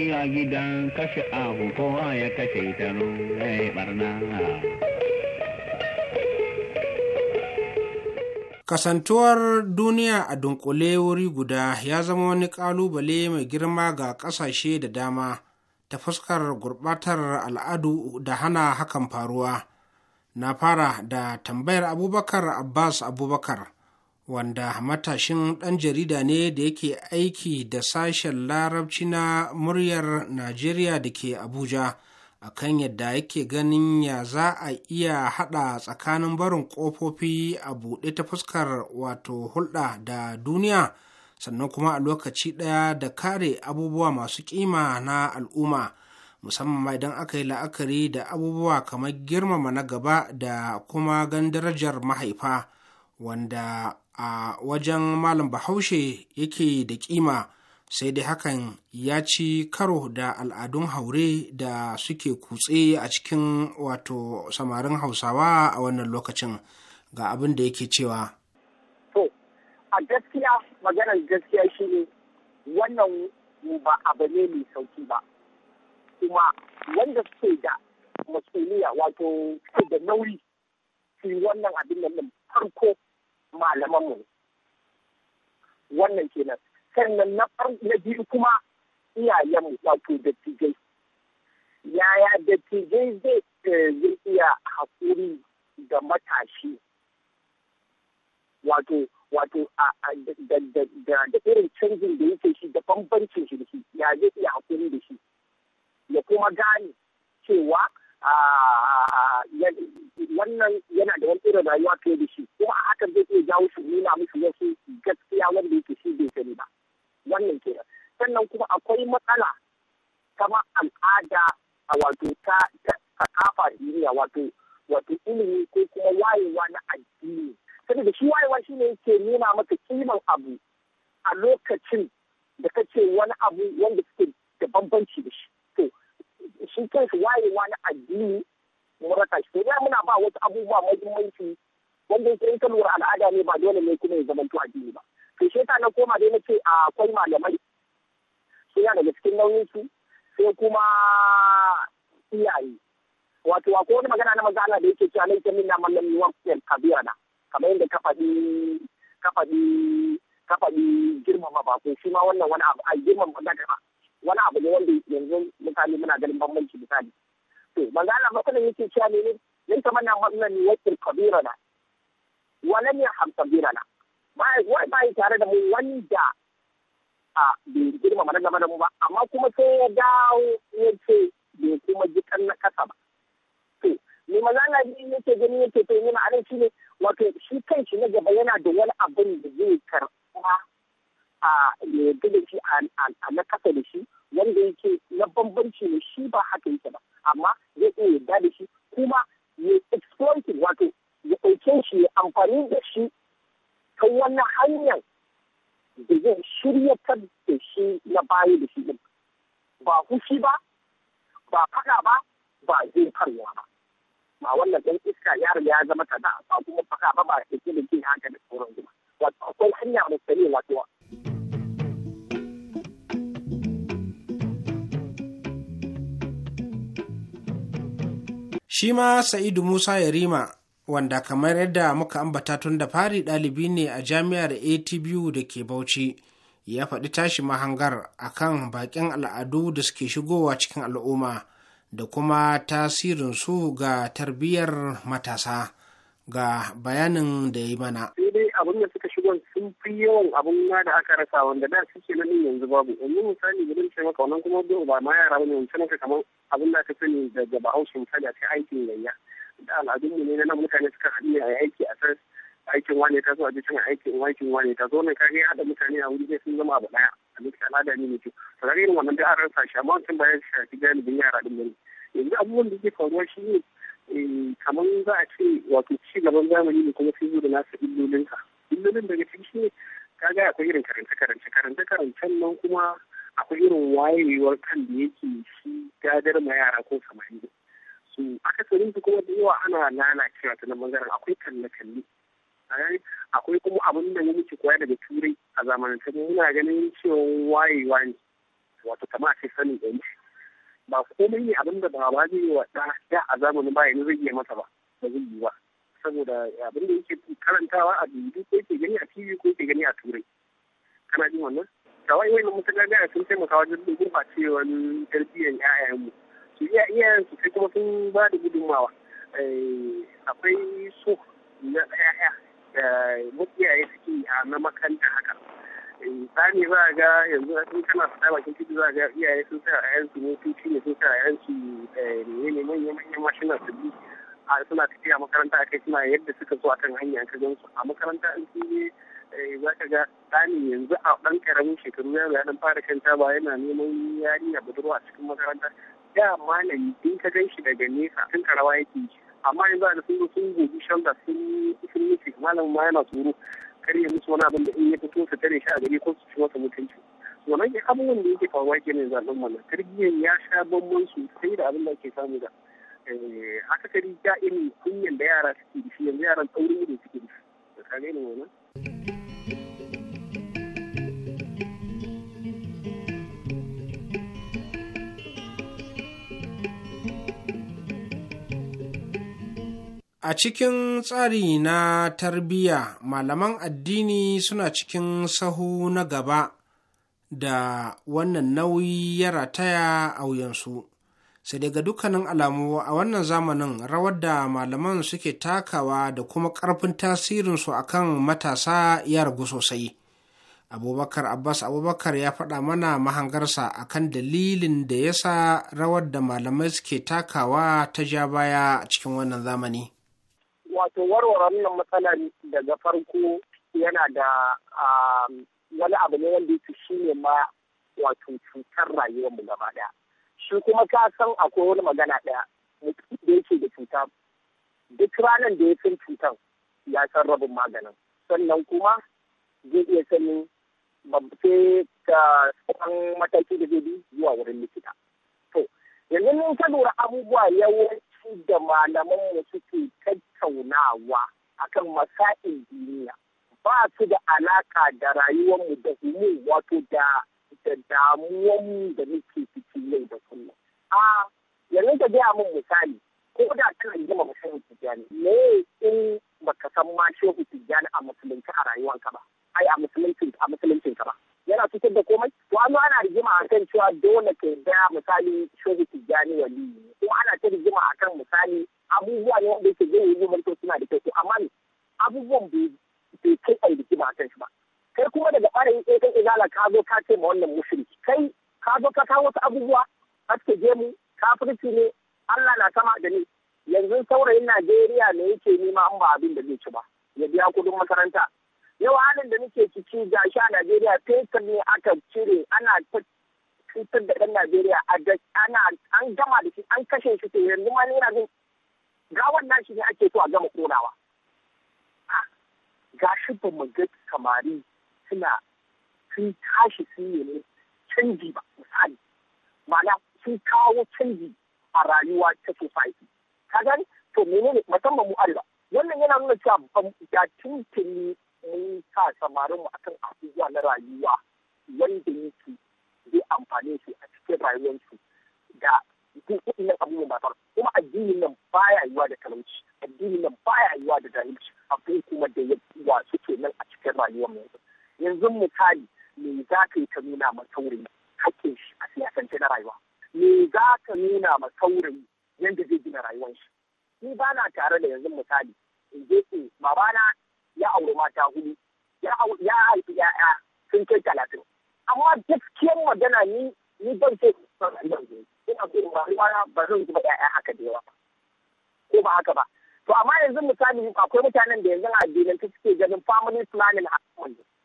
ne a gidan kashe ahu kowa ya kashe ya barna. Kasantuwar duniya a dunkule wuri guda ya zama wani ƙalubale mai girma ga ƙasashe da dama ta fuskar gurɓatar al'adu da hana hakan faruwa. Na fara da tambayar Abubakar Abbas Abubakar, wanda matashin ɗan jarida ne da yake aiki da sashen larabci na muryar najeriya da ke abuja a kan yadda yake ganin ya za a iya haɗa tsakanin barin ƙofofi a buɗe ta fuskar wato hulɗa da duniya sannan kuma a lokaci ɗaya da kare abubuwa masu ƙima na al'umma musamman ma idan aka yi la'akari da abubuwa kamar girmama na gaba da kuma gan darajar mahaifa wanda a wajen malam bahaushe yake da kima sai dai hakan ya ci karo da al'adun haure da suke kutse a cikin wato samarin hausawa a wannan lokacin ga abin da yake cewa to a gaskiya maganar gaskiya shine wannan ba abu ne mai sauki ba kuma wanda suke da masuliya wato da nauyi su wannan abin nan mu wannan kenan sannan na na biyu kuma mu wato dattijai yaya dattijai zai eh, zai iya haƙuri da matashi wato wato da irin canjin da yake shi da bambancin shi da shi ya zai iya haƙuri da shi ya kuma gane cewa wannan yana da wani irin rayuwa ke da shi kuma a hakan zai iya jawo shi nuna musu wasu gaskiya wanda yake shi bai gani ba wannan ke sannan kuma akwai matsala kama al'ada a wato ta kafa duniya wato wato ilimi ko kuma wayewa na addini saboda shi wayewa shi ne yake nuna maka kiman abu a lokacin da kace wani abu wanda suke da bambanci da shi shi kanshi wayewa na addini mu shi sai muna ba wasu abubuwa muhimmanci wanda yake in ka al'ada ne ba dole ne kuma ya zamanto addini ba to shi na koma dai nace akwai malamai su yana daga cikin nauyin su sai kuma iyaye wato akwai wani magana na maza Allah da yake cewa laifin min na mallami wa kabira na kamar yadda ka faɗi ka faɗi ka faɗi girmama shi ma wannan wani abu a girmama na wani abu ne wanda yanzu mutane muna ganin bambanci misali to manzo Allah ne yake cewa ne ne kamar nan wannan ne wakil kabirana wani ne hamsa birana wai bai tare da mu wanda a bai girma mana game da mu ba amma kuma sai ya dawo ya ce bai kuma ji na kasa ba to ni maza na ji yake gani yake to ni ma'anar shi ne wato shi kai shi na gaba yana da wani abin da zai karɓa a ya a na kasa da shi wanda yake na bambanci ne shi ba haka yake ba amma zai iya yadda da shi kuma ya exploit wato ya ɗauke shi ya amfani da shi ta wannan hanyar da zai shiryatar da shi na baya da shi din ba fushi ba ba faɗa ba ba zai farwa ba ba wannan ɗan iska yaro ya zama ta kaza ba kuma faɗa ba ba ke da ke haka da sauran ba wato akwai hanya mai wato Shi ma Sa'idu Musa Yarima wanda kamar yadda muka ambata tun da fari ɗalibi ne a jami'ar ATBU da ke Bauchi ya faɗi tashi mahangar akan baƙin al'adu da suke shigowa cikin al'umma da kuma tasirinsu ga tarbiyyar matasa. ga bayanin da ya yi mana. Sai dai abin da suka shigo sun fi yawan abin da aka rasa wanda da suke na yanzu babu. Yanzu misali gudun ce maka wannan kuma dole ba ma yara wani wancan ka kamar abin da aka sani daga bahaushe misali a sai aikin gayya. Da al'adunmu ne na nan mutane suka haɗu a aiki a sas aikin wane ta zo a jikin aikin aikin wane ta zo ne ga ya haɗa mutane a wuri sun zama abu ɗaya a bisa al'ada ne ne to kaga irin wannan da an rasa shi amma wancan ba ya shafi galibin yara din ne. Yanzu abubuwan da ke faruwa shi ne Eh, kamar za a ce wato ci gaban zamani ne kuma sai zo da nasa illolinsa illolin daga ciki ne kaga akwai irin karance karance karance karancen nan kuma akwai irin wayewar kan da yake shi gadar ma yara ko samari su akasarin su kuma da yawa ana lalacewa ta na bangaren akwai kalle kalle akwai kuma abin da muke koya daga turai a zamanance muna ganin cewa wayewa ne wato kamar a ce sanin ɗanci ba komai ne abin da ba ba wa ɗa a zamanin ba yanzu zai iya masa ba ba zai yi ba saboda abin da yake karantawa a bibi ko yake gani a tv ko yake gani a turai kana jin wannan kawai wani mutane sun taimaka wajen gurɓacewar tarbiyyar mu. su iya iyayen su kai kuma sun ba da gudunmawa eh, akwai so na 'ya'ya da mutiyaye suke a na makaranta haka tsari za a ga yanzu in kana fita bakin titi za a ga iyaye sun tsaya a yansu motoci ne sun a yansu ne ne manya-manyan mashinan su bi a suna tafiya makaranta a kai suna yadda suka zo akan hanya ka gan su a makaranta an su ne eh, za ka ga ɗani yanzu a ɗan ƙaramin shekaru yaro ya ɗan fara shan yana neman yarinya budurwa a cikin makaranta da malami in ka gan shi daga nesa tun karawa yake amma yanzu a da sun zo sun gobi shan da sun sun malamin ma yana tsoro kar ya musu wani abin da in ya fito ta tare shi a gari ko su ci masa mutunci wannan ya abubuwan da yake faruwa ke ne zaɓen mana tarbiyyar ya sha bambam sosai da abin da ake samu da eh, haka kari ja irin kunyan da yara suke da shi yanzu yaran taurin da suke da shi da kare ne wannan A cikin tsari na tarbiyya, malaman addini suna cikin sahu na gaba da wannan nauyi ya rataya a wuyansu. Sai daga dukkanin alamu a wannan zamanin rawar da malaman suke takawa da kuma ƙarfin tasirinsu a kan matasa ya ragu sosai. abubakar abbas abubakar ya faɗa mana mahangarsa a kan dalilin da ya sa rawar da malamai suke takawa ta ja baya a cikin wannan zamani wato warware wannan matsalar daga farko yana da um, wani abu ne wanda yake shi ne ma wato cutar rayuwarmu gaba ɗaya shi kuma ka san akwai wani magana ɗaya da yake da cuta duk ranar da ya san cutar ya san rabin maganin sannan kuma zai iya sanin babbace ka san mataki da zai bi zuwa wurin likita to yanzu mun ka lura abubuwa yawanci su da malamanmu suke tattaunawa akan masa'in duniya ba su da alaka da rayuwar mu da mu wato da da damuwanmu da muke ciki yau da kullum. A yanzu ka gaya min misali ko da kana rigima ba tijjani me in baka san ma shehu tijjani a musulunci a rayuwanka ba ai a musulunci a musulunci ka ba. yana fitar da komai to an ana rigima akan cewa dole ka yarda misali shehu tijjani wali kuma ana ta rigima akan misali abubuwa ne wanda yake zai yi mulkin suna da kyau amma abubuwan bai kai a rigima akan shi ba kai kuma daga ɓarayin ɗaya kan izala ka zo ka ce ma wannan mushriki kai ka zo ka kawo wasu abubuwa a cikin gemu kafirci ne Allah na sama da ni yanzu saurayin Najeriya ne yake nema an ba abin da zai ci ba ya biya kudin makaranta yau halin da nake ciki ga shi a Najeriya fesa ne aka cire ana cutar da ɗan Najeriya ana an gama da shi an kashe shi to yanzu ma ne ga wannan shi ne ake so a gama konawa. Ah, ga shi ba mu ga samari suna sun tashi sun nemi canji ba misali ma'ana sun kawo canji a rayuwa ta society ka gani to menene musamman mu Allah, wannan yana nuna cewa da tuntuni mun sa samarin mu akan abubuwa na rayuwa wanda yake zai amfane su a cikin rayuwarsu da duk waɗannan abubuwan ba kuma addinin nan baya yiwa da talauci addinin nan baya yiwa da jahilci Akwai kuma da ya wasu nan a cikin rayuwar mu yanzu misali me za ka yi ka nuna ma saurayi hakkin shi a siyasance na rayuwa me za ka nuna ma saurayi yadda zai gina rayuwar shi ni ba na tare da yanzu misali in je ce babana ya auri mata hudu ya haifi ya'ya sun kai talatin amma gaskiyar magana ni ni ban ce yanzu ina so rayuwa ruwana ba zan zuba ya'ya haka da yawa ko ba haka ba to amma yanzu misali akwai mutanen da yanzu addinin ta suke ganin family planning a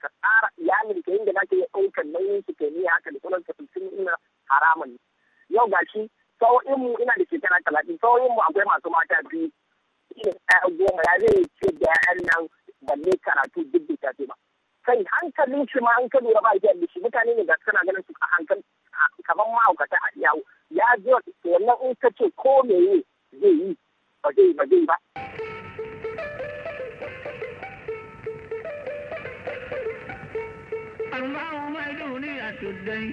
ka tsara iyalin ka da zaka yi ɗaukar nauyin su kai ne haka da kullum sun ina haramun yau gashi sau'in mu ina da shekara talatin sau'in mu akwai masu mata biyu ina ɗaya goma ya zai ce da 'ya'yan nan wanne karatu duk bai ba kai hankalin shi ma hankali ba ya da shi mutane ne da suna ganin su a hankali kamar aukata a yawo ya ji wannan in ka ce ko meye zai yi ba zai ba zai ba tuddai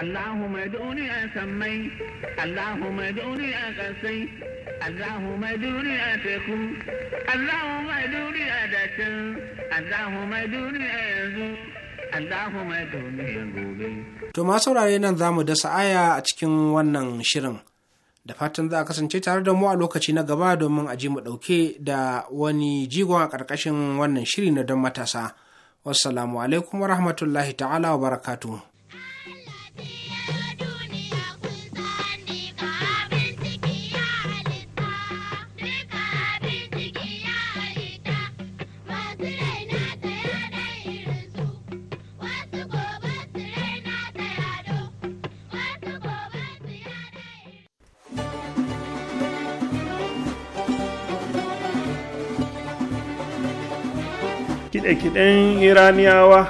Allahumma duni a sammai Allahumma duni a kasai Allahumma duni a teku Allahumma duni a dacin Allahumma duni a yanzu Allahumma duni a gobe. To ma saurare nan za mu dasa aya a cikin wannan shirin. Da fatan za a kasance tare da mu a lokaci na gaba domin a ji mu ɗauke da wani jigon a ƙarƙashin wannan shiri na don matasa. wassalamu alaikum warahmatullahi ta'ala wa barakatuhu kide-kiden iraniyawa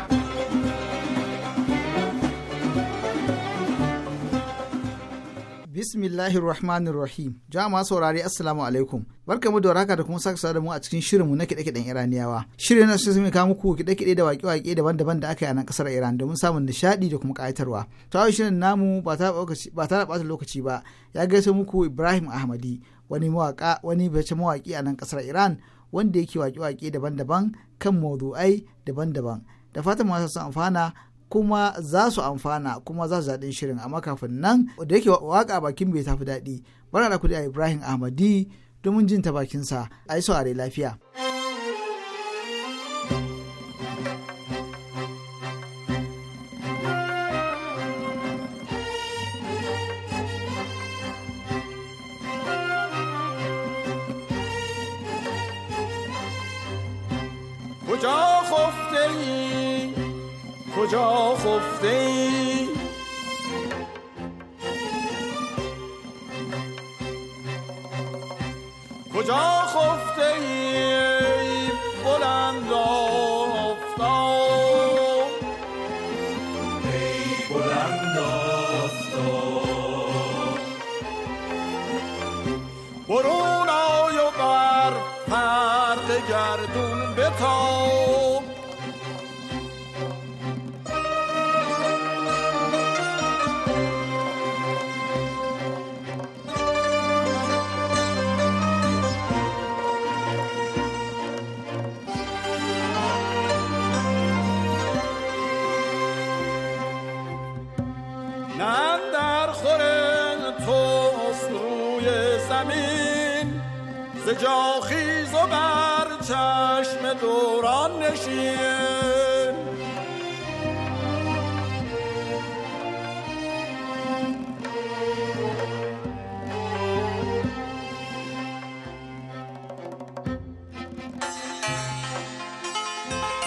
bismillahir rahmanir rahim jama'a saurari assalamu alaikum barka mu da waraka da kuma sake da mu a cikin shirinmu na kide-kiden iraniyawa shirin na sai mai kawo muku kide-kide da waƙe-waƙe daban-daban da aka yi a nan kasar iran domin samun nishaɗi da kuma ƙayatarwa ta shirin namu ba ta da ɓata lokaci ba ya gaisa muku ibrahim ahmadi wani mawaƙa wani bace mawaƙi a nan kasar iran wanda yake waƙe-waƙe daban-daban kan mawdu'ai daban-daban da fatan masu sun amfana kuma za su amfana kuma za su zaɗin shirin amma kafin nan da yake waƙa bakin bai tafi daɗi bara da kudi a ibrahim ahmadi domin jin ta bakinsa a yi saurare lafiya. زمین ز جاخیز و بر چشم دوران نشین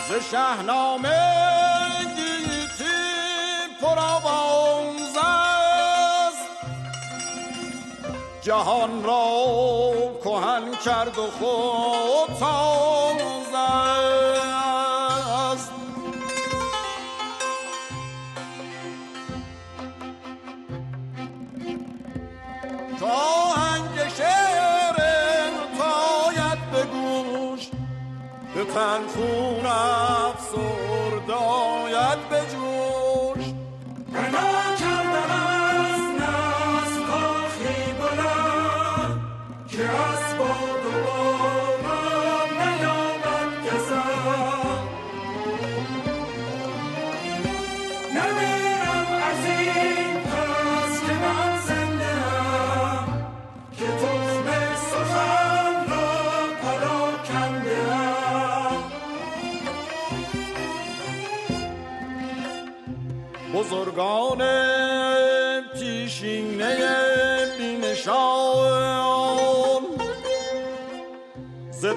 ز شهنامه جهان را کهن کرد و خود تازه است تا هنگ شعر تاید به گوش به تن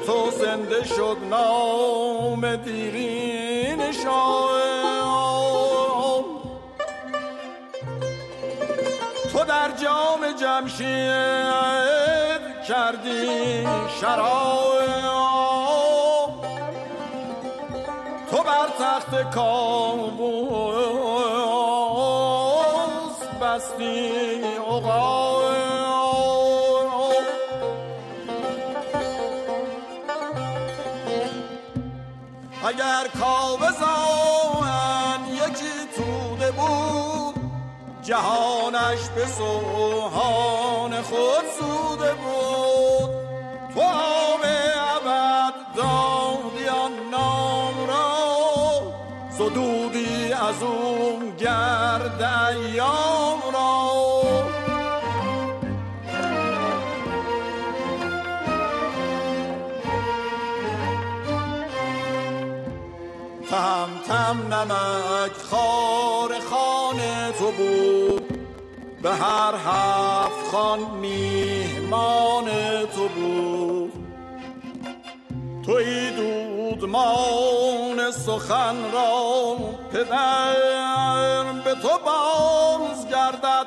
تو زنده شد نام دیرین شاه تو در جام جمشید کردی شراب تو بر تخت کام جهانش به سوهان خود تم نمک خار خانه تو بود به هر هفت خان میهمان تو بود توی دودمان سخن را پدر به تو باز گردد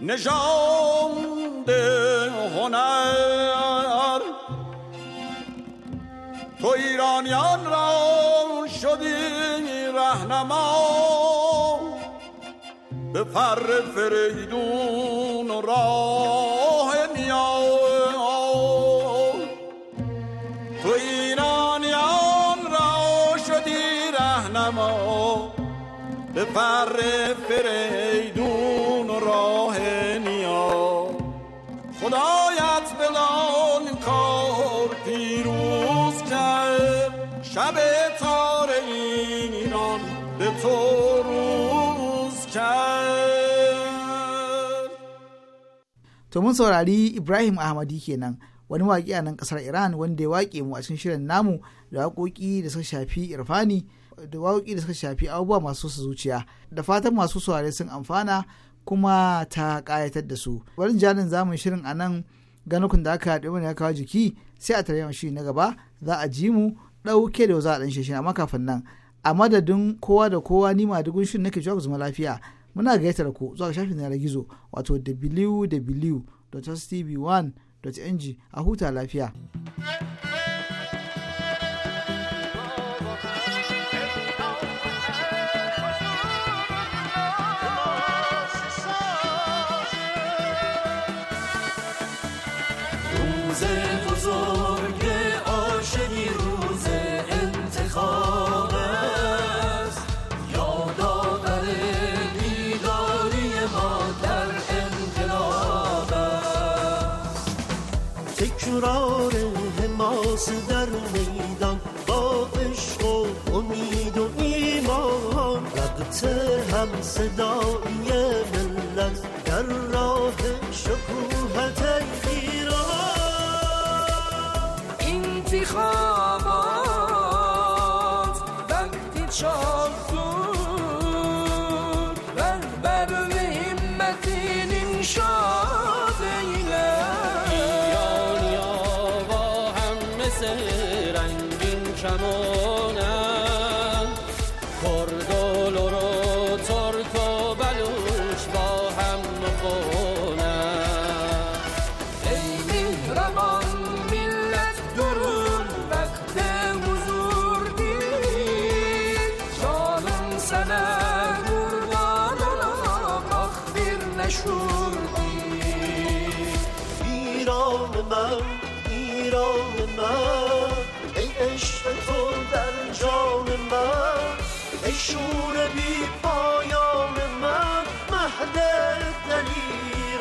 نژاد هنر تو ایرانیان را شدی رهنما به فر فریدون و راه نیا تو اینانیان را شدی رهنما به فر فریدون to mun saurari ibrahim ahmadi kenan wani waƙi a nan ƙasar iran wanda ya waƙe mu a cikin shirin namu da waƙoƙi da suka shafi irfani da waƙoƙi da suka shafi abubuwa masu su zuciya da fatan masu saurare sun amfana kuma ta ƙayatar da su barin janin zamun shirin a nan ganukun da aka haɗe mana ya kawo jiki sai a tarayyar shi na gaba za a ji mu ɗauke da za a ɗan shi amma kafin nan a madadin kowa da kowa ni ma dugun shirin nake jawa zama lafiya muna da ku zuwa shafin yanar gizo wato www.tv1.ng a huta lafiya. صدایی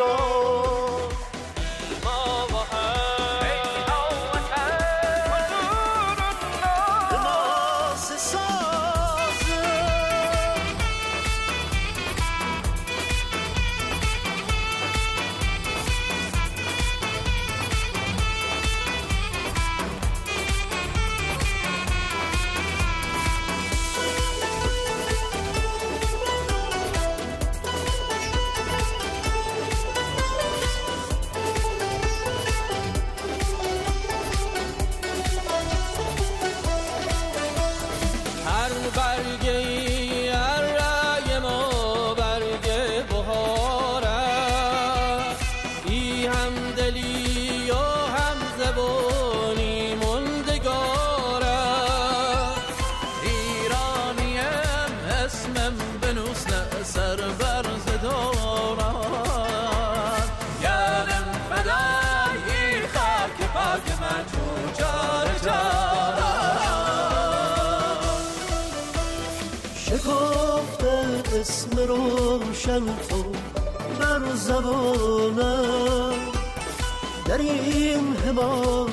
Lord. boy.